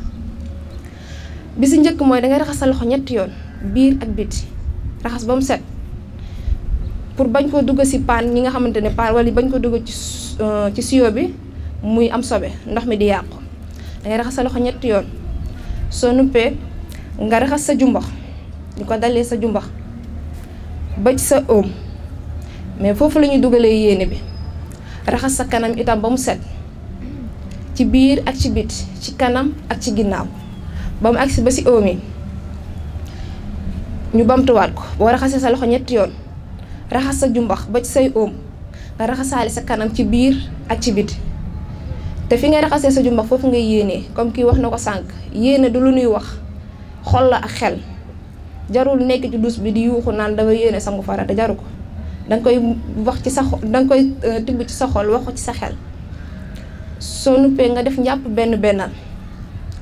bi si njëkk mooy dangay raxas sa loxo ñetti yoon biir ak biti raxas ba mu set pour bañ koo dugg si paan ñi nga xamante ne paan yi bañ ko dugg ci euh, ci siyo bi muy am sobe ndox mi di yàqu dangay raxas sa loxo ñetti yoon soo nuppee nga raxas sa jumbax di ko dalee sa jumbax ba ci sa oom mais foofu la ñuy dugalee yéene bi raxas sa kanam itam ba mu set ci biir ak ci bit ci kanam ak ci ginnaaw ba mu agsi ba si oom yi ñu bamtuwaat ko boo raxasee sa loxo ñetti yoon raxas sa jumbax ba ci say oom nga raxasaale sa kanam ci biir ak ci biti te fi ngay raxasee sa jumbax foofu ngay yéenee comme kii wax na ko sànq yéene du lu nuy wax xol la ak xel jarul nekk ci dus bi di yuuxu naan dama yéene sangu farata jaru ko danga koy wax ci sa xol danga koy euh, tibb ci sa xol wax ko ci sa xel soo nuppee nga def njàpp benn bennal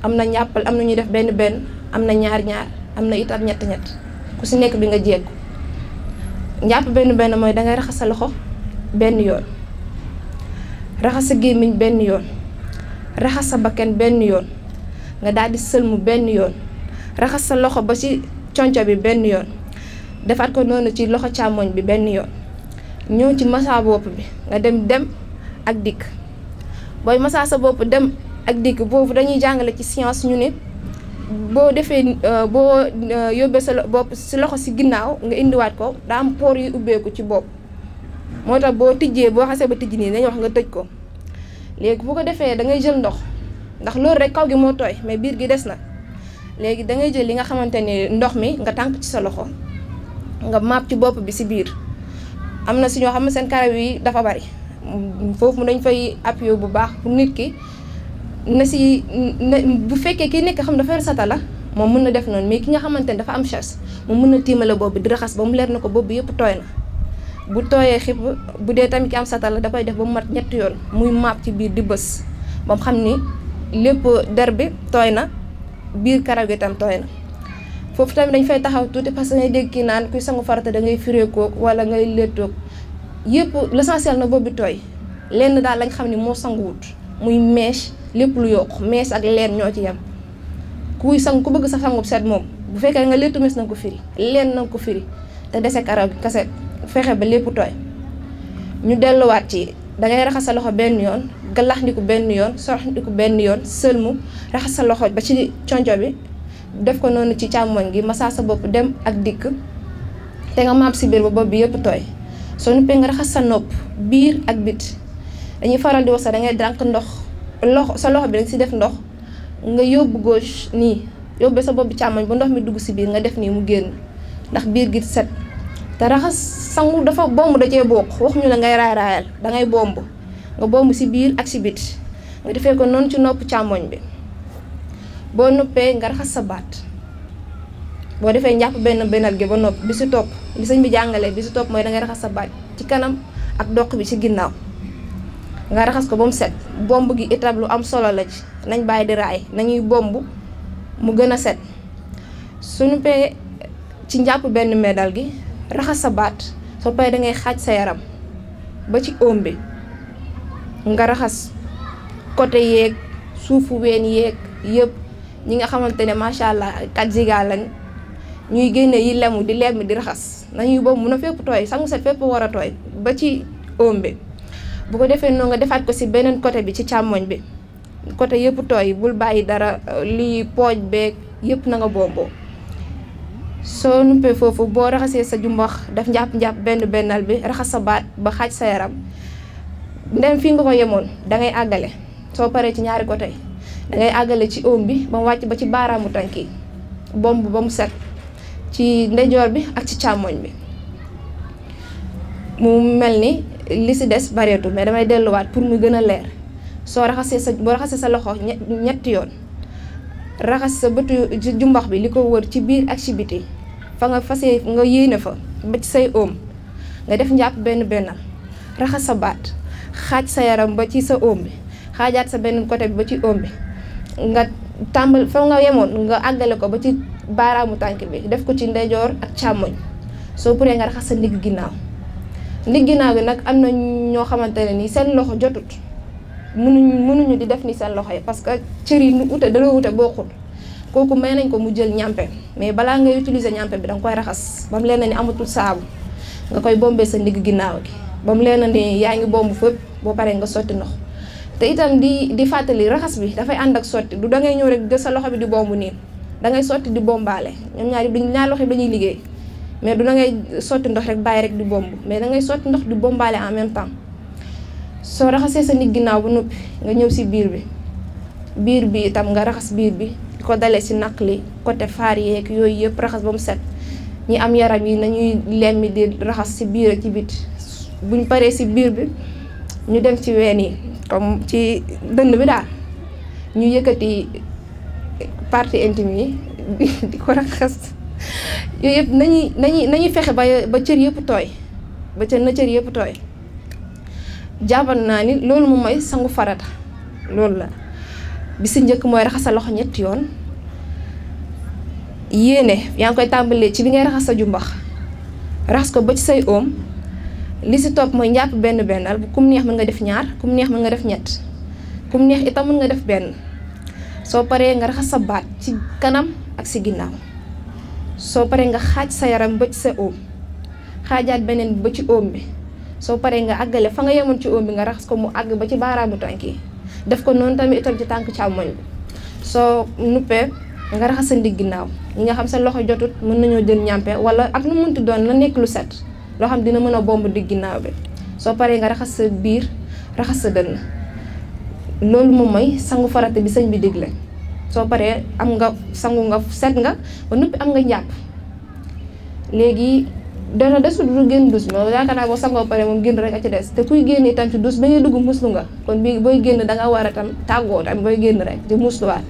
am na njàppal am na ñuy def benn benn am na ñaar ñaar am na itam ñett ñett ku si nekk bi nga jekku njàpp benn benn mooy dangay raxas sa loxo benn yoon raxas sa gémmiñ benn yoon raxas sa bakken benn yoon nga daal di sëlmu benn yoon raxas sa loxo ba ci conco bi benn yoon defaat ko noonu ci loxo càmmoñ bi benn yoon ñëw ci masaa bopp bi nga dem dem ak dikk booy masa sa bopp dem ak dikk boobu dañuy jàngale ci science ñu ne boo defee euh, boo euh, yóbbee sa bopp si loxo si ginnaaw nga indiwaat ko daa am poor yu ubbeeku ci bopp moo tax boo tijjee boo xasee ba tijji nii dañuy wax nga tëj ko léegi bu ko defee da ngay jël ndox ndax loolu rek kaw gi moo tooy mais biir gi des na léegi da ngay jël li nga xamante ne ndox mi nga tànk ci sa loxo nga maap ci bopp bi si biir am na si ñoo xam ne seen karaw yi dafa bari foofu dañ fay appuyé bu baax pour nit ki. na si bu fekkee kii nekk xam dafa yor satala moom mën na def noonu mais ki nga xamante ne dafa am chasse moom mën na tiimale boobu di raxas ba mu leer na ko boobu yëpp tooy na bu tooyee xib bu dee tamit ki am satala da def ba mu mat ñetti yoon muy maap ci biir di bës ba xam ni lépp der bi tooy na biir karaw gi tam tooy na foofu tamit dañ fay taxaw tuuti parce que ngay dégg kii naan kuy sangu farata da ngay firéekoog wala ngay léttoog yëpp l'essentiel na boobu tooy lenn daal lañ xam ni moo sanguwut muy mèche lépp lu yokk mees ak leen ñoo ci yem kuy sang ku bëgg sa sangub set moom bu fekkee nga léttu mees na ko firi leen na ko firi te dese karaw gi kaset fexe ba lépp tooy ñu delluwaat ci dangay raxas sa loxo benn yoon galax benn yoon sorox benn yoon sëlmu raxas sa loxo ba ci conco bi def ko noonu ci càmmooñ gi masaa sa bopp dem ak dikk te nga maam si biir ba bopp bi yëpp tooy soo nuppee nga raxas sa nopp biir ak bit dañuy faral di wax sax dangay dànk ndox loxo sa loxo bi nag si def ndox nga yóbbu gauche nii yóbbu sa bopp càmmoñ ba ndox mi dugg si biir nga def nii mu génn ndax biir gi set te raxas sangu dafa bomb da cee bokk waxuñu la ngay raay raayal dangay bomb nga bomb si biir ak si bit nga defee ko noonu ci nopp càmmooñ bi boo noppee nga raxas sa baat boo defee njàpp benn benal gi ba nopp bi si topp li sëñ bi jàngalee bi si topp mooy dangay raxas sa baat ci kanam ak doq bi ci ginnaaw nga raxas ko ba mu set bomb gi itam lu am solo la ci nañ bàyyi di raay nañuy bomb mu gën a set suñu pee ci njàpp benn meddal gi raxas sa baat soo pare da ngay xaaj sa yaram ba ci oom bi nga raxas côté yeeg suufu ween yeeg yëpp ñi nga xamante ne macha allah kat ziga lañ ñuy génne yi lemu di lem di raxas nañuy boobu mun a fépp tooy sam set fépp war a tooy ba ci oom bi bu ko defee noonu nga defaat ko si beneen côté bi ci càmmoñ bi côté yëpp tooy bul bàyyi dara lii pooj beeg yépp na nga booboo soo numpee foofu boo raxasee sa jumbax daf njàpp-njàpp benn bennal bi raxas sa baat ba xaaj sa yaram ndem fii nga ko yemoon dangay àggale soo paree ci ñaari côté dangay àggale ci oom bi ba mu wàcc ba ci baaraamu tànk yi bomb ba mu set ci ndeyjoor bi ak ci càmmoñ bi mu mel ni li si des bareetul mais damay delluwaat pour mu gën a leer soo raxasee sa boo raxasee sa loxo ñetti yoon raxas sa bëtu jumbax bi li ko wër ci biir ak ci biti fa nga fasee nga yéene fa ba ci say oom nga def njàpp benn bennal raxas sa baat xaaj sa yaram ba ci sa oom bi xaajaat sa benn côté bi ba ci oom bi nga tàmbali fa nga yemoon nga àggale ko ba ci baaraamu tànk bi def ko ci ndeyjoor ak càmmoñ soo paree nga raxas sa ndigg ginnaaw li ginnaaw gi nag am na ñoo xamante ne nii seen loxo jotut mënuñu mënuñu di def ni seen loxo yi parce que cër yi nu ute daloo ute bokkul kooku may nañ ko mu jël ñàmpe mais balaa ngay utiliser ñàmpe bi danga koy raxas ba mu leen ni amatul saabu nga koy bombee sa ndigg ginnaaw gi ba mu leen ni yaa ngi bomb fépp boo paree nga sotti ndox te itam di di fàttali raxas bi dafay ànd ak sotti du dangay ñëw rek jël sa loxo bi di bomb nii dangay sotti di bombaale ñoom ñaar duñ ñaar loxo bi dañuy liggéey mais du da ngay sotti ndox rek bàyyi rek di bomb mais da ngay sotti ndox di bombaale en même temps soo raxasee sa nit ginnaaw ba noppi nga ñëw si biir bi biir bi itam nga raxas biir bi ko dalee si naq li côté faar yeeg yooyu yëpp raxas ba mu set ñi am yaram yi nañuy lemmi di raxas si biir ak ci bit buñ paree si biir bi ñu dem ci ween yi comme ci dënn bi daal ñu yëkkati partie intime yi di ko raxas yooyu yëpp nañuy nañuy nañuy fexe ba ba cër yëpp tooy ba cër na cër yëpp tooy jàppal naa ni loolu moom mooy sangu farata loolu la bi si njëkk mooy raxas sa loxo ñetti yoon yéene yaa ngi koy tàmbalee ci li ngay raxas sa jumbax raxas ko ba ci say oom li si topp mooy njàpp benn bennal bu kum neex mën nga def ñaar kum neex mën nga def ñett kum neex itam mën nga def benn soo paree nga raxas sa baat ci kanam ak si ginnaaw soo paree nga xaaj sa yaram ba ci sa óom xaajaat beneen ba ci óom bi soo paree nga àggale fa nga yemoon ci óom bi nga raxas ko mu àgg ba ci baaraamu tànk yi def ko noonu tamit itam ci tànk càmmoñ bi soo nuppee nga raxas sa ndig ginnaaw ñi nga xam sa loxo jotut mën nañoo jël ñàmpe wala ak nu munti doon la nekk lu set loo xam dina mën a bomb di ginnaaw bi soo paree nga raxas sa biir raxas sa dënn loolu moom mooy sangu farata bi sëñ bi digle soo paree am nga sangu nga set nga ba noppi am nga njàpp léegi dara desul du génn douche moom yaakaar naa boo sangoo pare moom génn rek a ci des te kuy génn itam ci douche ba ngay dugg muslu nga kon bii booy génn da war tam tàggoo tam booy génn rek di musluwaat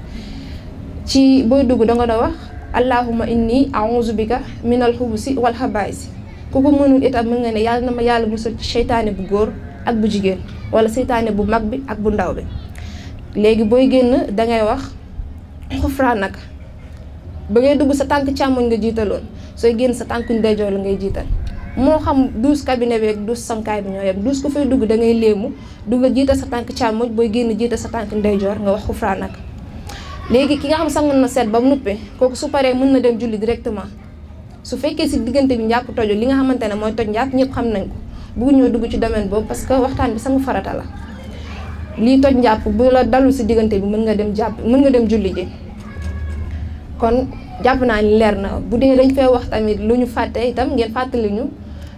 ci booy dugg da nga doon wax allahuma indi a'uzu bika minal xubusi wal si ku ko mënul itam mën nga ne yàlla na ma yàlla musal ci seytaane bu góor ak bu jigéen wala seytaane bu mag bi ak bu ndaw bi léegi booy génn dangay wax xufraa nag ba ngay dugg sa tànk càmmoñ nga jiitaloon sooy génn sa tànku ndeyjoor la ngay jiital moo xam douze cabinet bi ak douze sankaay bi ñoo yem douze ku fay dugg da ngay léemu du nga jiital sa tànk càmmoñ booy génn jiital sa tànk ndeyjoor nga wax xufraa nag léegi ki nga xam sangoon na seet ba mu nuppee kooku su paree mën na dem julli directement su fekkee si diggante bi njàpp tojo li nga xamante ne mooy toj njàpp ñëpp xam nañ ko bëgguñoo dugg ci domaine boobu parce que waxtaan bi sangu farata la lii toj njàpp bu la dalul si diggante bi mën nga dem jàpp mën nga dem julli ji kon jàpp naa ni leer na bu dee dañ fee wax tamit lu ñu fàtte itam ngeen fàttali ñu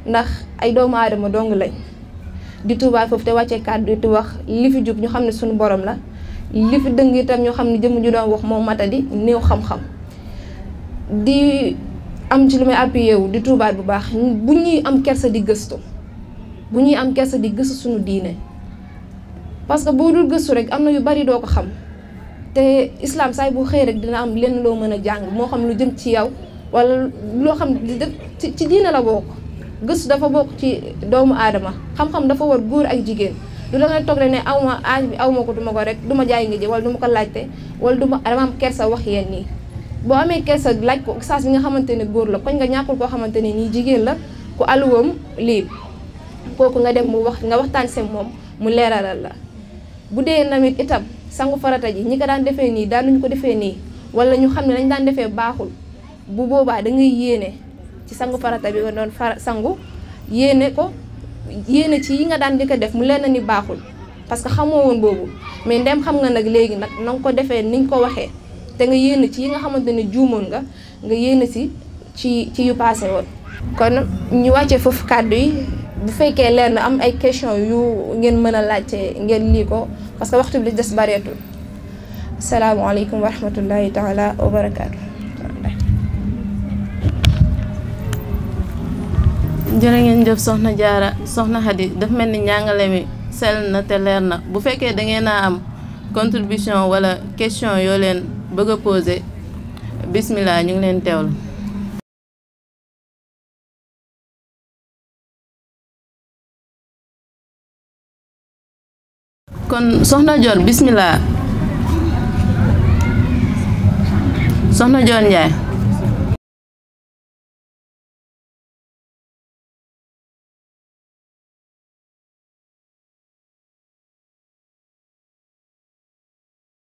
ndax ay doomu aadama dong lañ di tuubaat foofu te wàccee kàddu di wax li fi jub ñu xam ne suñu borom la li fi dëng itam ñu xam ne jëmm ju doon wax moom matali néew xam-xam di am ci lu may appuyé wu di tuubaat bu baax bu ñuy am kersa di gëstu bu ñuy am kersa di gëstu suñu diine parce que boo dul gëstu rek am na yu bari doo ko xam te islam saay bu xëy rek dina am lenn loo mën a jàng moo xam lu jëm ci yow wala loo xam ci ci diine la bokk gëstu dafa bokk ci doomu aadama xam-xam dafa war góor ak jigéen lu la nga toog rek ne aw ma âge bi aw ma ko du ma ko rek du ma jaay nga jë wala du ma ko laajte wala du ma dama am kersa wax yéen nii boo amee kersa laaj ko saas bi nga xamante ne góor la koñ nga ñàkkul koo xamante ne nii jigéen la ku aluwam lii kooku nga dem mu wax nga waxtaan seen moom mu leeralal la bu dee namit itam sangu farata ji ñi ko daan defee nii daanuñu ko defee nii wala ñu xam ne lañ daan defee baaxul bu boobaa da ngay yéene ci sangu farata bi nga doon far sangu yéene ko yéene ci yi nga daan di ko def mu lenn ni baaxul parce que xamoo woon boobu mais ndem xam nga nag léegi nag na ko defee ni nga ko waxee te nga yéene ci yi nga xamante ne juumoon nga nga yéene si ci ci yu paase woon kon ñu wàccee foofu kàddu yi bu fekkee leer na am ay question yu ngeen mën a laajte ngeen lii ko parce waxtu bi li des bareetul asalaamaaleykum wa rahmatullahi taala wa barakaatu. jërë ngeen jëf soxna jaara soxna Xadi daf mel ni njàngale mi sell na te leer na bu fekkee da ngeen a am contribution wala question yoo leen bëgg a posé bismillah ñu ngi leen teewlu. kon soxna Joor bismillah soxna Joor Njaay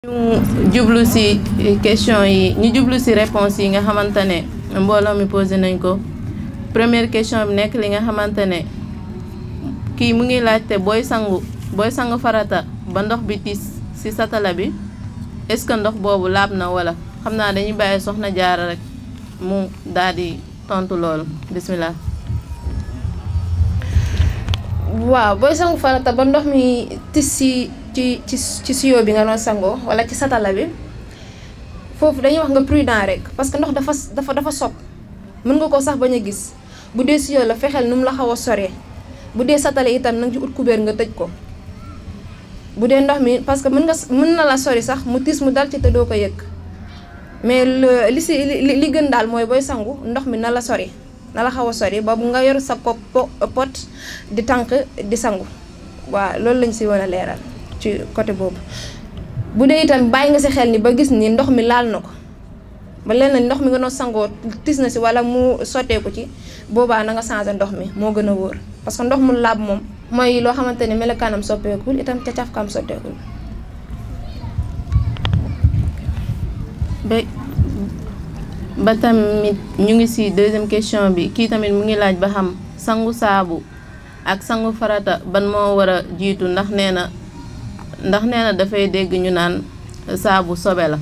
ñu jublu ci question yi ñu jublu ci réponse yi nga xamante ne mbooloo mi nañ ko première question bi nekk li nga xamante ne kii mu ngi laajte booy sangu booy sangu farata ba ndox bi tiis ci satala bi est-ce que ndox boobu laab na wala xam naa dañuy bàyyi soxna jaara rek mu daal di tontu loolu bismillah waaw booy sangu farata ba ndox mi tis ci ci ci ci siyoo bi nga doon sangoo wala ci satala bi foofu dañuy wax nga prudent rek parce que ndox dafa dafa dafa sob mën nga ko sax bañ a gis bu dee siyoo la fexeel nu mu la xaw a soree bu dee satala itam nanga ci ut kubéer nga tëj ko bu dee ndox mi parce que mën nga mën na la sori sax mu tiis mu dal ci te doo ko yëg mais li si li gën daal mooy booy sangu ndox mi na la sori na la xaw a sori ba nga yor sa po pot di tànk di sangu waaw loolu lañ si woon a leeral ci côté boobu. bu dee itam bàyyi nga si xel ni ba gis ni ndox mi laal na ko ba leneen ndox mi nga doon sangoo tis na si wala mu sotteeku ci boobaa na nga changé ndox mi moo gën a wóor parce ndox mu laab moom. mooy loo xamante ni melokaanam soppeekul itam ca cafkaam soppeekul ba tamit ñu ngi ci deuxième question bi kii tamit mu ngi laaj ba xam sangu saabu ak sangu farata ban moo war a jiitu ndax nee na ndax nee na dafay dégg ñu naan saabu sobe la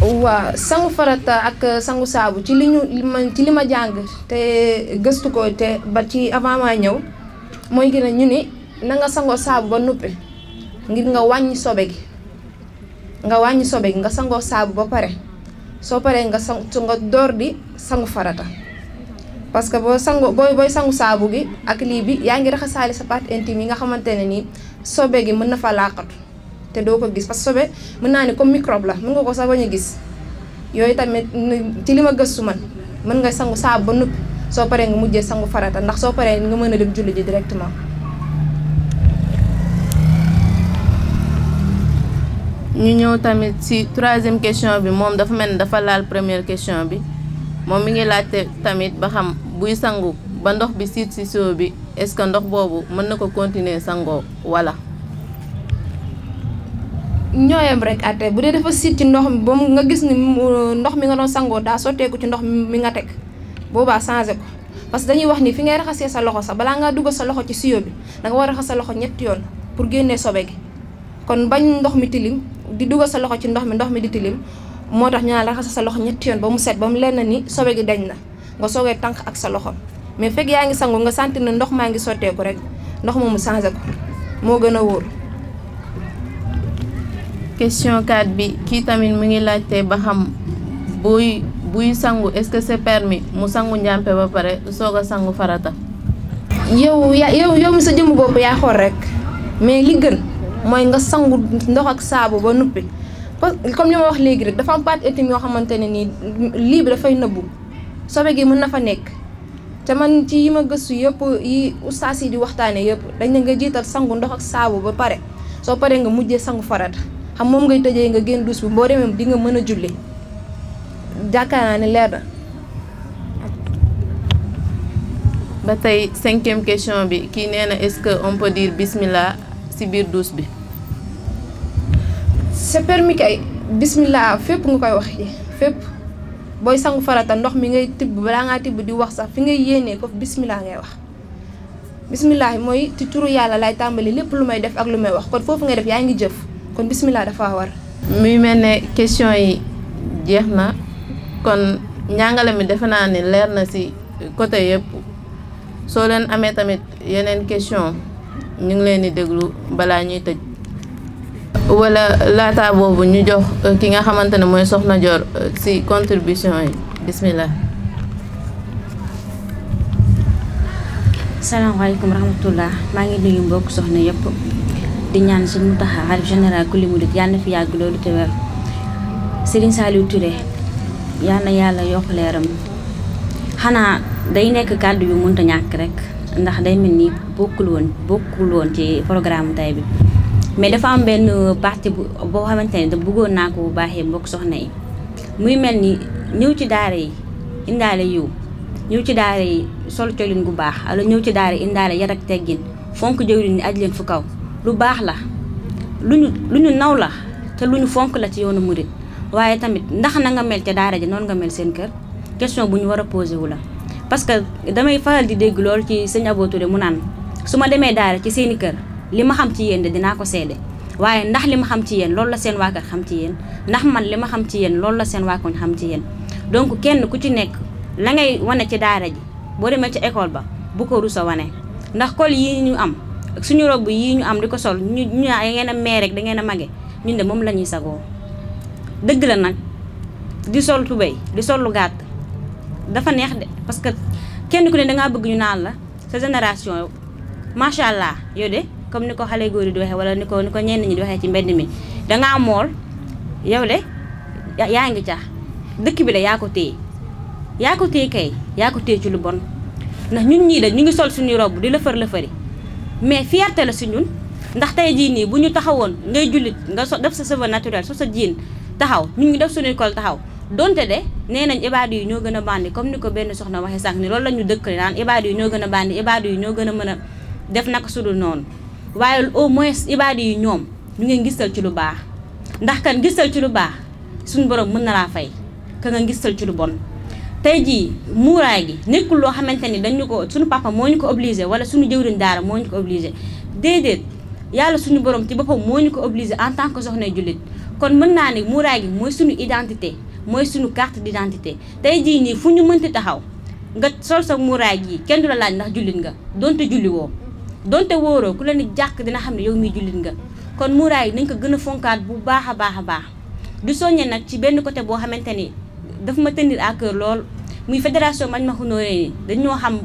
waaw sangu farata ak sangu saabu ci li ñu ci li ma jàng te gëstu ko te ba ci avant maa ñëw mooy gi a ñu ni na nga sangoo saabu ba noppi ngir nga wàññi sobe gi nga wàññi sobe gi nga sangoo saabu ba pare soo paree nga sang nga door di sangu farata parce que boo sangu booy booy sangu saabu gi ak lii bi yaa ngi raxasaale sa partie intime yi nga xamante ne nii sobe gi mën na fa laqatu te doo ko gis parce sobe mën naa ne comme microbe la mën nga ko sax bañ a gis yooyu tamit ci li ma gëstu man mën nga sangu saabu ba noppi soo paree nga mujjee sangu farata ndax soo paree nga mën a dem julli ji directement. ñu ñëw tamit ci troisième question bi moom dafa mel ni dafa laal première question bi moom mi ngi laajte tamit ba xam buy sangu ba ndox bi siit ci soo bi est-ce que ndox boobu mën na ko continuer sangoo walla. ñooyam rek àtte bu dee dafa siit ci ndox mi ba mu nga gis ni ndox mi nga doon sangoo daa sotteeku ci ndox mi nga teg boobaa changé ko parce que dañuy wax ni fi ngay raxasee sa loxo sax balaa ngaa dugal sa loxo ci siyo bi danga war a raxas sa loxo ñetti yoon pour génnee sobe gi kon bañ ndox mi tilim di dugal sa loxo ci ndox mi ndox mi di tilim moo tax ñu naan sa loxo ñetti yoon ba mu set ba mu lenn ni sobe gi dañ na nga soogee tànk ak sa loxo mais fekk yaa ngi sangoo nga sentir na ndox maa ngi sotteeku rek ndox moomu changé ko moo gën a wóor question 4 bi kii tamit mu ngi laajte ba xam buy buy sangu est-ce que c'est permis mu sangu njàmpe ba pare soog a sangu farata. yow ya yow yow mi sa jëmm bopp yaa xool rek mais li gën mooy nga sangu ndox ak saabu ba nuppi parce comme li wax léegi rek dafa am pâte yoo xamante ne nii lii bi dafay nëbbu sobe gi mën na fa nekk. te man ci yi ma gëstu yëpp yi ustaas yi di waxtaane yëpp dañ ne nga jiital sangu ndox ak saabu ba pare soo paree nga mujjee sangu farata xam moom ngay tëjee nga génn douche bi boo demee di nga mën a julli jàkkaar naa ne leer na. ba tey cinquième question bi kii nee na est-ce que on peut dire bismillah ci biir douche bi. c'est permis kay bismillah fépp nga koy wax ji fépp booy sangu farata ndox mi ngay tibb balaa ngaa tibb di wax sax fi ngay yéenee ko bismillah ngay wax. bismillah mooy ci turu yàlla lay tàmbali lépp lu may def ak lu may wax kon foofu ngay def yaa ngi jëf. kon bisimilah dafa war. muy mel ne question yi jeex na kon njàngale mi defe naa ni leer na ci côté yëpp soo leen amee tamit yeneen question ñu ngi leen di déglu balaa ñuy tëj. wala laata boobu ñu jox euh, ki nga xamante ne mooy Soxna joor euh, ci contribution yi bisimilah. salaamaaleykum rahmatullah maa ngi nuyu mbokk soxna yëpp. di ñaan sëñ Mountakha xalif général kulli murit yàlla na fi yàgg loolu te wér Serigne Saliou Touré yàlla yàlla yokk leeram xanaa day nekk kàddu yu mënta ñàkk rek ndax day mel ni bokkul woon bokkul woon ci programme tay bi mais dafa am benn partie bu boo xamante ne da bëggoon naa ko bu baaxee mbokk soxna yi muy mel ni ñëw ci daara yi indaale yiw ñëw ci daara yi sol colin gu baax wala ñëw ci daara yi indaale yar ak teggin fonk jëwriñ ni aj leen fu kaw lu baax la lu ñu lu ñu naw la te lu ñu fonk la ci yoonu murit waaye tamit ndax na nga mel ca daara ji noonu nga mel seen kër question bu ñu war a posé wu la. parce que damay faral di dégg lool ci sëñ Abo Touré mu naan su ma demee daara ci seeni kër li ma xam ci yéen dinaa ko seede waaye ndax li ma xam ci yéen loolu la seen waa xam ci yéen ndax man li ma xam ci yéen loolu la seen waa koñ xam ci yéen. donc kenn ku ci nekk la ngay wane ci daara ji boo demee ci école ba bu ko rusa wane ndax col yi ñu am. ak suñu robb yii ñu am di ko sol ñu ñu da ngeen a mee rek da ngeen a mage ñun de moom la ñuy sagoo dëgg la nag di sol tubéy di sol lu gàtt dafa neex de parce que kenn ku ne dangaa bëgg ñu naan la sa génération macha allah yow de comme ni ko xale góor yi di waxee wala ni ko ni ko ñenn ñi di waxee ci mbedd mi dangaa mool yow de yaa ngi caax dëkk bi de yaa ko téye yaa ko téye ci lu bon ndax ñun ñii de ñu ngi sol suñuy robb di lëfër lëfëri mais fierté la si ñun ndax tey jii nii bu ñu taxawoon ngay jullit nga so def sa cheveux naturel so sa jiin taxaw ñun ñu def suñu kol taxaw donte de nee nañ ibaadu yi ñoo gën a bàndi comme ni ko benn soxna waxee sànq ni loolu la ñu dëkkale naan ibaadu yi ñoo gën a bandi ibaadu yi ñoo a mën a def naka sudul noonu waaye au moins ibaadu yi ñoom ñu gis ngistal ci lu baax ndax kan ngistal ci lu baax suñu borom mën na laa fay ka nga ngistal ci lu bon tey jii muuraay gi nekkul loo xamante ni dañu ko suñu papa moo ñu ko obligé wala suñu jëwriñ daara moo ñu ko obligé déedéet yàlla suñu borom ci boppam moo ñu ko obligé en tant que soxna jullit kon mën naa ne muuraay gi mooy suñu identité mooy suñu carte d'identité tey jii nii fu ñu mënti taxaw nga sol sa muuraay gi kenn du la laaj ndax jullit nga donte julli woo donte wóoroo ku la ni jàkk dina xam ne yow miy jullit nga kon muuraay yi nañ ko gën a fonkaat bu baax a baax a baax du soññe nag ci benn côté boo xamante ni daf ma tenir à cœur lool muy fédération Majmahun Nurayni dañoo xam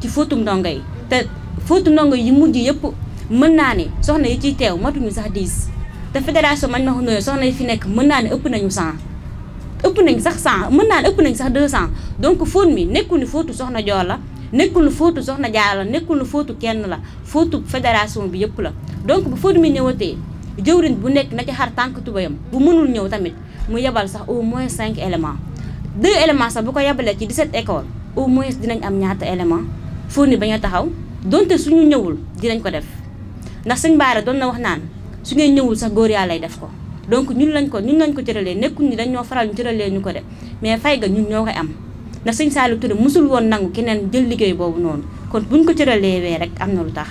ci fóotu ndongo yi te fóotu ndongo yi mujj yëpp mën naa ni soxna yi ciy teew matuñu sax diis te fédération Majmahun Nurayni soxna yi fi nekk mën naa ni ëpp nañu 100 ëpp nañ sax 100 mën naa ne ëpp nañ sax 200 donc fóot mi nekkul ni fóotu soxna Joor la nekkul ni fóotu soxna Jaar nekkul ni kenn la fóotu fédération bi yëpp la donc bu fóot mi ñëwatee jëwriñ bu nekk na ci xar tànk tubayam bu mënul ñëw tamit mu yebal sax au moins cinq éléments deux éléments sax bu ko yebalee ci 17 écoles au moins dinañ am ñaata éléments fourni ba ñu taxaw donte suñu ñëwul dinañ ko def ndax sëñ Baara doon na wax naan su ngeen ñëwul sax góor yaa def ko donc ñun lañ ko ñun lañ ko cëralee nekkul ni dañ ñoo faral ñu cëralee ñu ko def mais fay ga ñun ñoo koy am ndax sëñ Saliou Touré musul woon nangu keneen jël liggéey boobu noonu kon buñ ko cëralee wee rek am na lu tax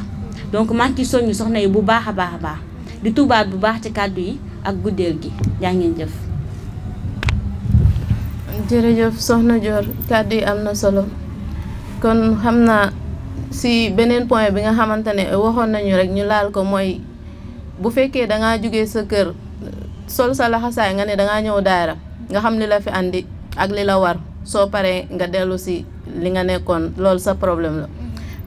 donc maa ngi ciy soññu soxna yi bu baax a baax a baax di tubaab bu baax ci kàddu yi ak guddeel gi jaa ngeen jëf jërëjëf soxna joor kàddu yi am na solo kon xam naa si beneen point bi nga xamante ne waxoon nañu rek ñu laal ko mooy bu fekkee dangaa jóge sa kër sol sa laxasaay nga ne dangaa ñëw daara nga xam li la fi andi ak li la war soo paree nga dellu si li nga nekkoon loolu sa problème la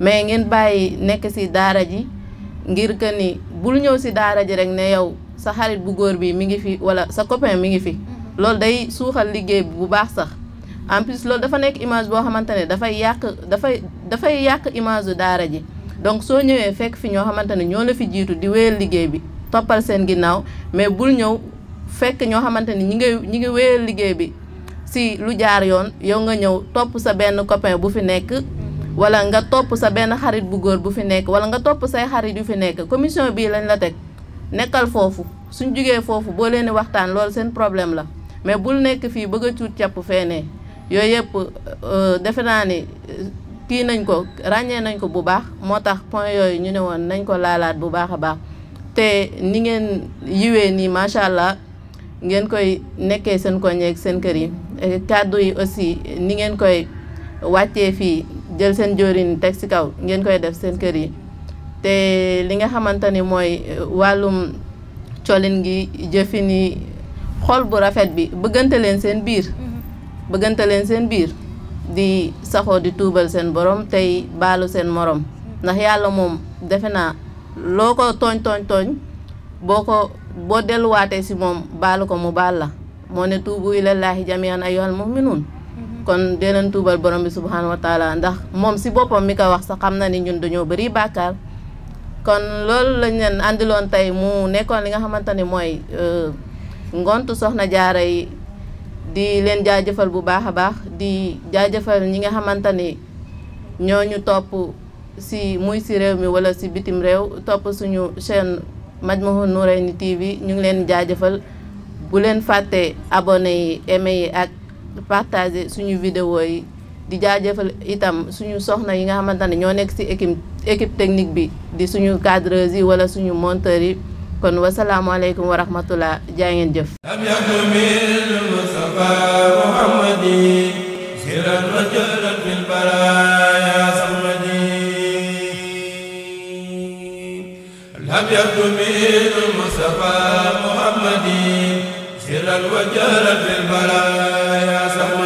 mais ngeen bàyyi nekk si daara ji ngir que ni bul ñëw si daara ji rek ne yow sa xarit bu góor bii mi ngi fi wala sa copain mi ngi fi loolu day suuxal liggéey bu baax sax en plus loolu dafa nekk image boo xamante ne dafay yàq dafay dafay yàq image daara ji donc soo ñëwee fekk fi ñoo xamante ne ñoo la fi jiitu di wéyal liggéey bi toppal seen ginnaaw mais bul ñëw fekk ñoo xamante ni ñi nga ñi ngi wéyal liggéey bi si lu jaar yoon yow nga ñëw topp sa benn copain bu fi nekk wala nga topp sa benn xarit bu góor bu fi nekk wala nga topp say xarit yu fi nekk commission bii lañ la teg nekkal foofu suñ jugee foofu boo leen waxtaan loolu seen problème la mais bul nekk fii bëgg a cuut càpp feenee yooyu yëpp euh, defe naa ni kii nañ ko ràññee nañ ko bu baax moo tax point yooyu ñu ne woon nañ ko laalaat bu baax a baax te ni ngeen yiwee nii macha allah ngeen koy nekkee seen koñ yeeg seen kër yi kàddu yi aussi ni ngeen koy wàccee fii jël seen joorin teg si kaw ngeen koy def seen kër yi te li nga xamante ni mooy euh, wàllum colin gi jëfin yi xol bu rafet bi bëggante leen seen biir bëggante leen seen biir di saxoo di tuubal seen borom tey baalu seen morom ndax yàlla moom defe naa loo ko tooñ tooñ tooñ boo ko boo delluwaatee si moom baalu ko mu baal la moo ne tuubu ilallaahi jamian ayyuhal muminuun kon dee leen tuubal borom bi subhaanahu wa taala ndax moom si boppam mi ko wax sa xam na ni ñun dañoo bari bàkkaar kon loolu lañ leen àndiloon tey mu nekkoon li nga xamante ni mooy euh, ngontu soxna jaara yi di leen jaajëfal bu baax a baax di jaajëfal ñi nga xamante ni ñooñu topp si muy si réew mi wala si bitim réew topp suñu chaîne Majmahun Nurayni TV ñu ngi leen jaajëfal bu leen fàtte abonné yi aimé yi ak partager suñu vidéo yi di jaajëfal itam suñu soxna yi nga xamante ne ñoo nekk si équipe équipe technique bi di suñu cadreuse yi wala suñu monteurs yi kon wasalaamualeykum wa rahmatullah jaa ngeen jëf am yakumil mustafa muhammadi siran wa jalan fil baraya samadi lam yakumil mustafa muhammadi siran wa jalan fil baraya samadi